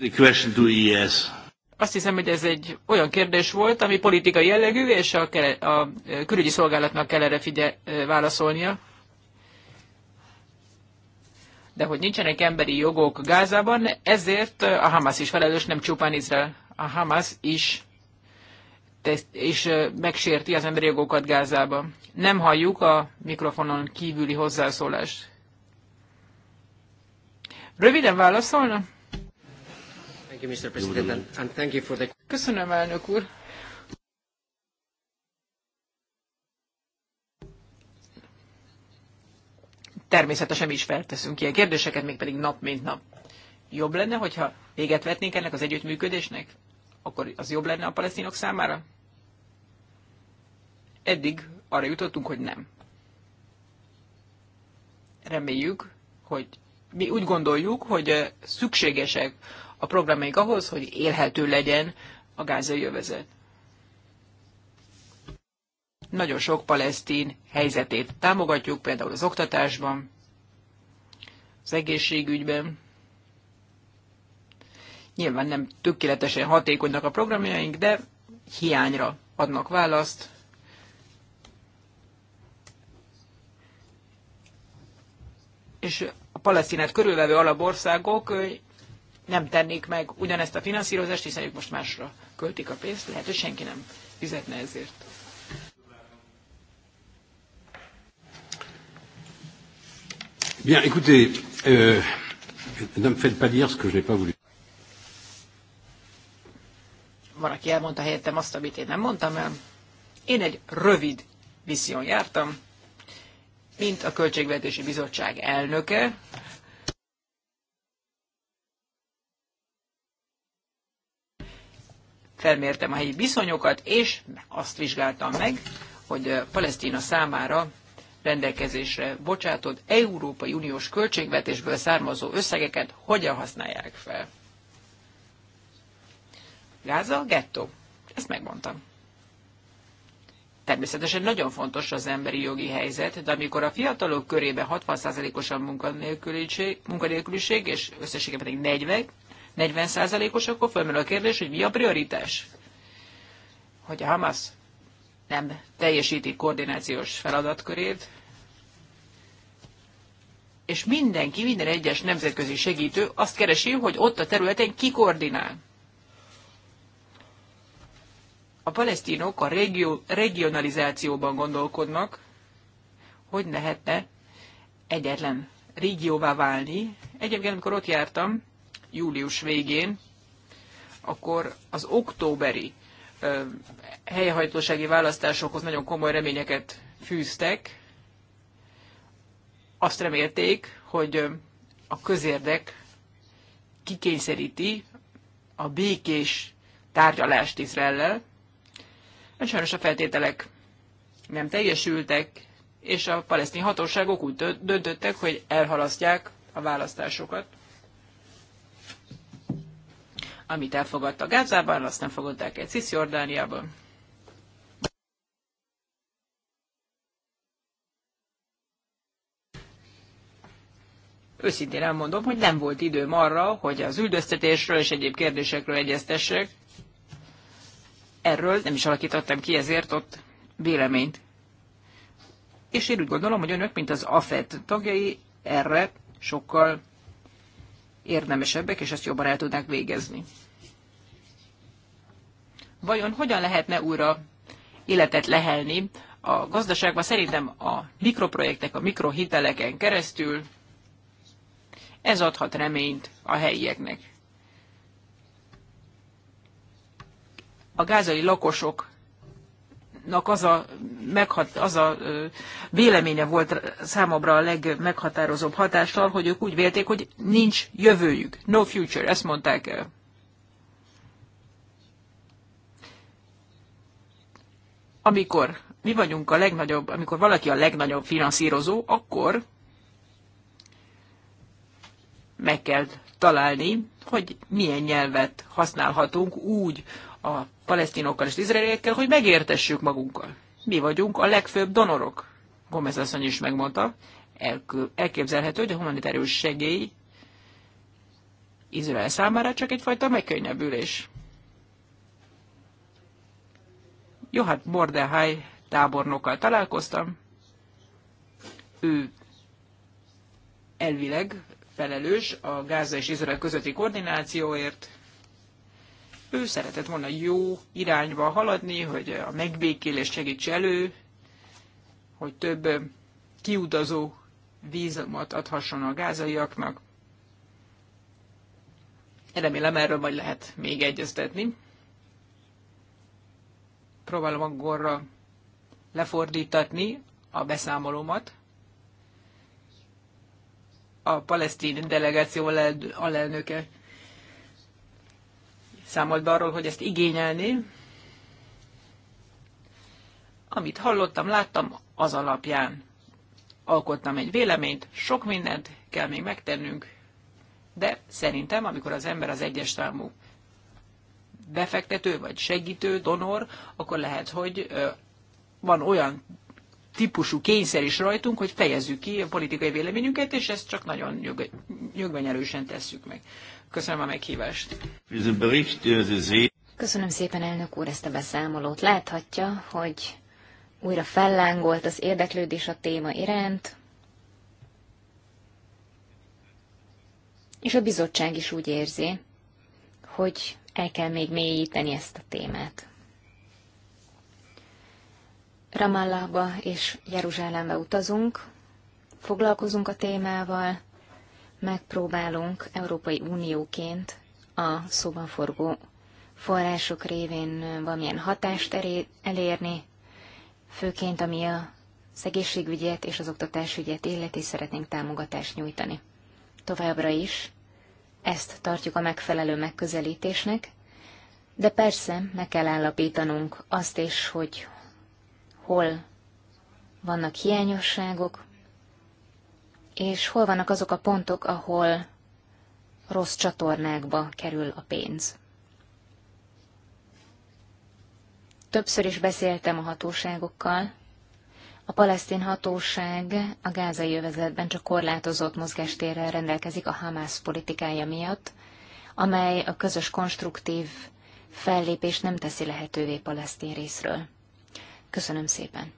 The question to ES. Azt hiszem, hogy ez egy olyan kérdés volt, ami politikai jellegű, és a, a külügyi szolgálatnak kell erre figye, válaszolnia. De hogy nincsenek emberi jogok Gázában, ezért a Hamas is felelős, nem csupán Izrael. A Hamas is és megsérti az emberi jogokat Gázában. Nem halljuk a mikrofonon kívüli hozzászólást. Röviden válaszolna? Thank you, Mr. President, and thank you for the... Köszönöm, elnök úr. Természetesen mi is felteszünk ilyen kérdéseket, még pedig nap mint nap. Jobb lenne, hogyha véget vetnénk ennek az együttműködésnek? Akkor az jobb lenne a palesztinok számára? Eddig arra jutottunk, hogy nem. Reméljük, hogy mi úgy gondoljuk, hogy szükségesek a programjaik ahhoz, hogy élhető legyen a gázai övezet. Nagyon sok palesztin helyzetét támogatjuk, például az oktatásban, az egészségügyben. Nyilván nem tökéletesen hatékonynak a programjaink, de hiányra adnak választ. És a palesztinát körülvevő alapországok nem tennék meg ugyanezt a finanszírozást, hiszen ők most másra költik a pénzt, lehet, hogy senki nem fizetne ezért. Bien, écoutez, euh, ne me faites pas dire ce que je n'ai pas voulu. Van, aki elmondta helyettem azt, amit én nem mondtam el. Én egy rövid misszión jártam, mint a Költségvetési Bizottság elnöke, felmértem a helyi viszonyokat, és azt vizsgáltam meg, hogy Palesztina számára rendelkezésre bocsátott Európai Uniós költségvetésből származó összegeket hogyan használják fel. Gáza, gettó. Ezt megmondtam. Természetesen nagyon fontos az emberi jogi helyzet, de amikor a fiatalok körében 60%-os a munkanélküliség, munkanélküliség, és összességében pedig 40, 40%-os, akkor fölmerül a kérdés, hogy mi a prioritás. Hogy a Hamas nem teljesíti koordinációs feladatkörét, és mindenki, minden egyes nemzetközi segítő azt keresi, hogy ott a területen ki koordinál. A palesztinok a regio, regionalizációban gondolkodnak, hogy lehetne egyetlen régióvá válni. Egyébként, amikor ott jártam, július végén, akkor az októberi helyhajtósági választásokhoz nagyon komoly reményeket fűztek. Azt remélték, hogy a közérdek kikényszeríti a békés tárgyalást Izraellel. Sajnos a feltételek nem teljesültek, és a palesztin hatóságok úgy döntöttek, hogy elhalasztják a választásokat amit elfogadta Gázában, azt nem fogadták el Cisziordániában. Őszintén elmondom, hogy nem volt időm arra, hogy az üldöztetésről és egyéb kérdésekről egyeztessek. Erről nem is alakítottam ki ezért ott véleményt. És én úgy gondolom, hogy önök, mint az AFET tagjai, erre sokkal érdemesebbek, és ezt jobban el tudnák végezni vajon hogyan lehetne újra életet lehelni a gazdaságban. Szerintem a mikroprojektek, a mikrohiteleken keresztül ez adhat reményt a helyieknek. A gázai lakosok az a, meghat, az a véleménye volt számomra a legmeghatározóbb hatással, hogy ők úgy vélték, hogy nincs jövőjük, no future, ezt mondták amikor mi vagyunk a legnagyobb, amikor valaki a legnagyobb finanszírozó, akkor meg kell találni, hogy milyen nyelvet használhatunk úgy a palesztinokkal és izraeliekkel, hogy megértessük magunkkal. Mi vagyunk a legfőbb donorok. Gomez asszony is megmondta, elképzelhető, hogy a humanitárius segély Izrael számára csak egyfajta megkönnyebbülés. Jó, hát tábornokkal találkoztam. Ő elvileg felelős a Gáza és Izrael közötti koordinációért. Ő szeretett volna jó irányba haladni, hogy a megbékélés segíts elő, hogy több kiutazó vízumot adhasson a gázaiaknak. Remélem erről majd lehet még egyeztetni próbálom angolra lefordítatni a beszámolómat. A palesztin delegáció alelnöke számolt be arról, hogy ezt igényelni. Amit hallottam, láttam, az alapján alkottam egy véleményt, sok mindent kell még megtennünk, de szerintem, amikor az ember az egyes számú befektető, vagy segítő, donor, akkor lehet, hogy van olyan típusú kényszer is rajtunk, hogy fejezzük ki a politikai véleményünket, és ezt csak nagyon nyög, tesszük meg. Köszönöm a meghívást. Köszönöm szépen, elnök úr, ezt a beszámolót. Láthatja, hogy újra fellángolt az érdeklődés a téma iránt, és a bizottság is úgy érzi, hogy el kell még mélyíteni ezt a témát. Ramallahba és Jeruzsálembe utazunk, foglalkozunk a témával, megpróbálunk Európai Unióként a szóban forgó források révén valamilyen hatást elérni, főként ami a szegészségügyet és az oktatásügyet illeti szeretnénk támogatást nyújtani. Továbbra is ezt tartjuk a megfelelő megközelítésnek, de persze meg kell állapítanunk azt is, hogy hol vannak hiányosságok, és hol vannak azok a pontok, ahol rossz csatornákba kerül a pénz. Többször is beszéltem a hatóságokkal, a palesztin hatóság a gázai övezetben csak korlátozott mozgástérrel rendelkezik a Hamász politikája miatt, amely a közös konstruktív fellépés nem teszi lehetővé palesztin részről. Köszönöm szépen!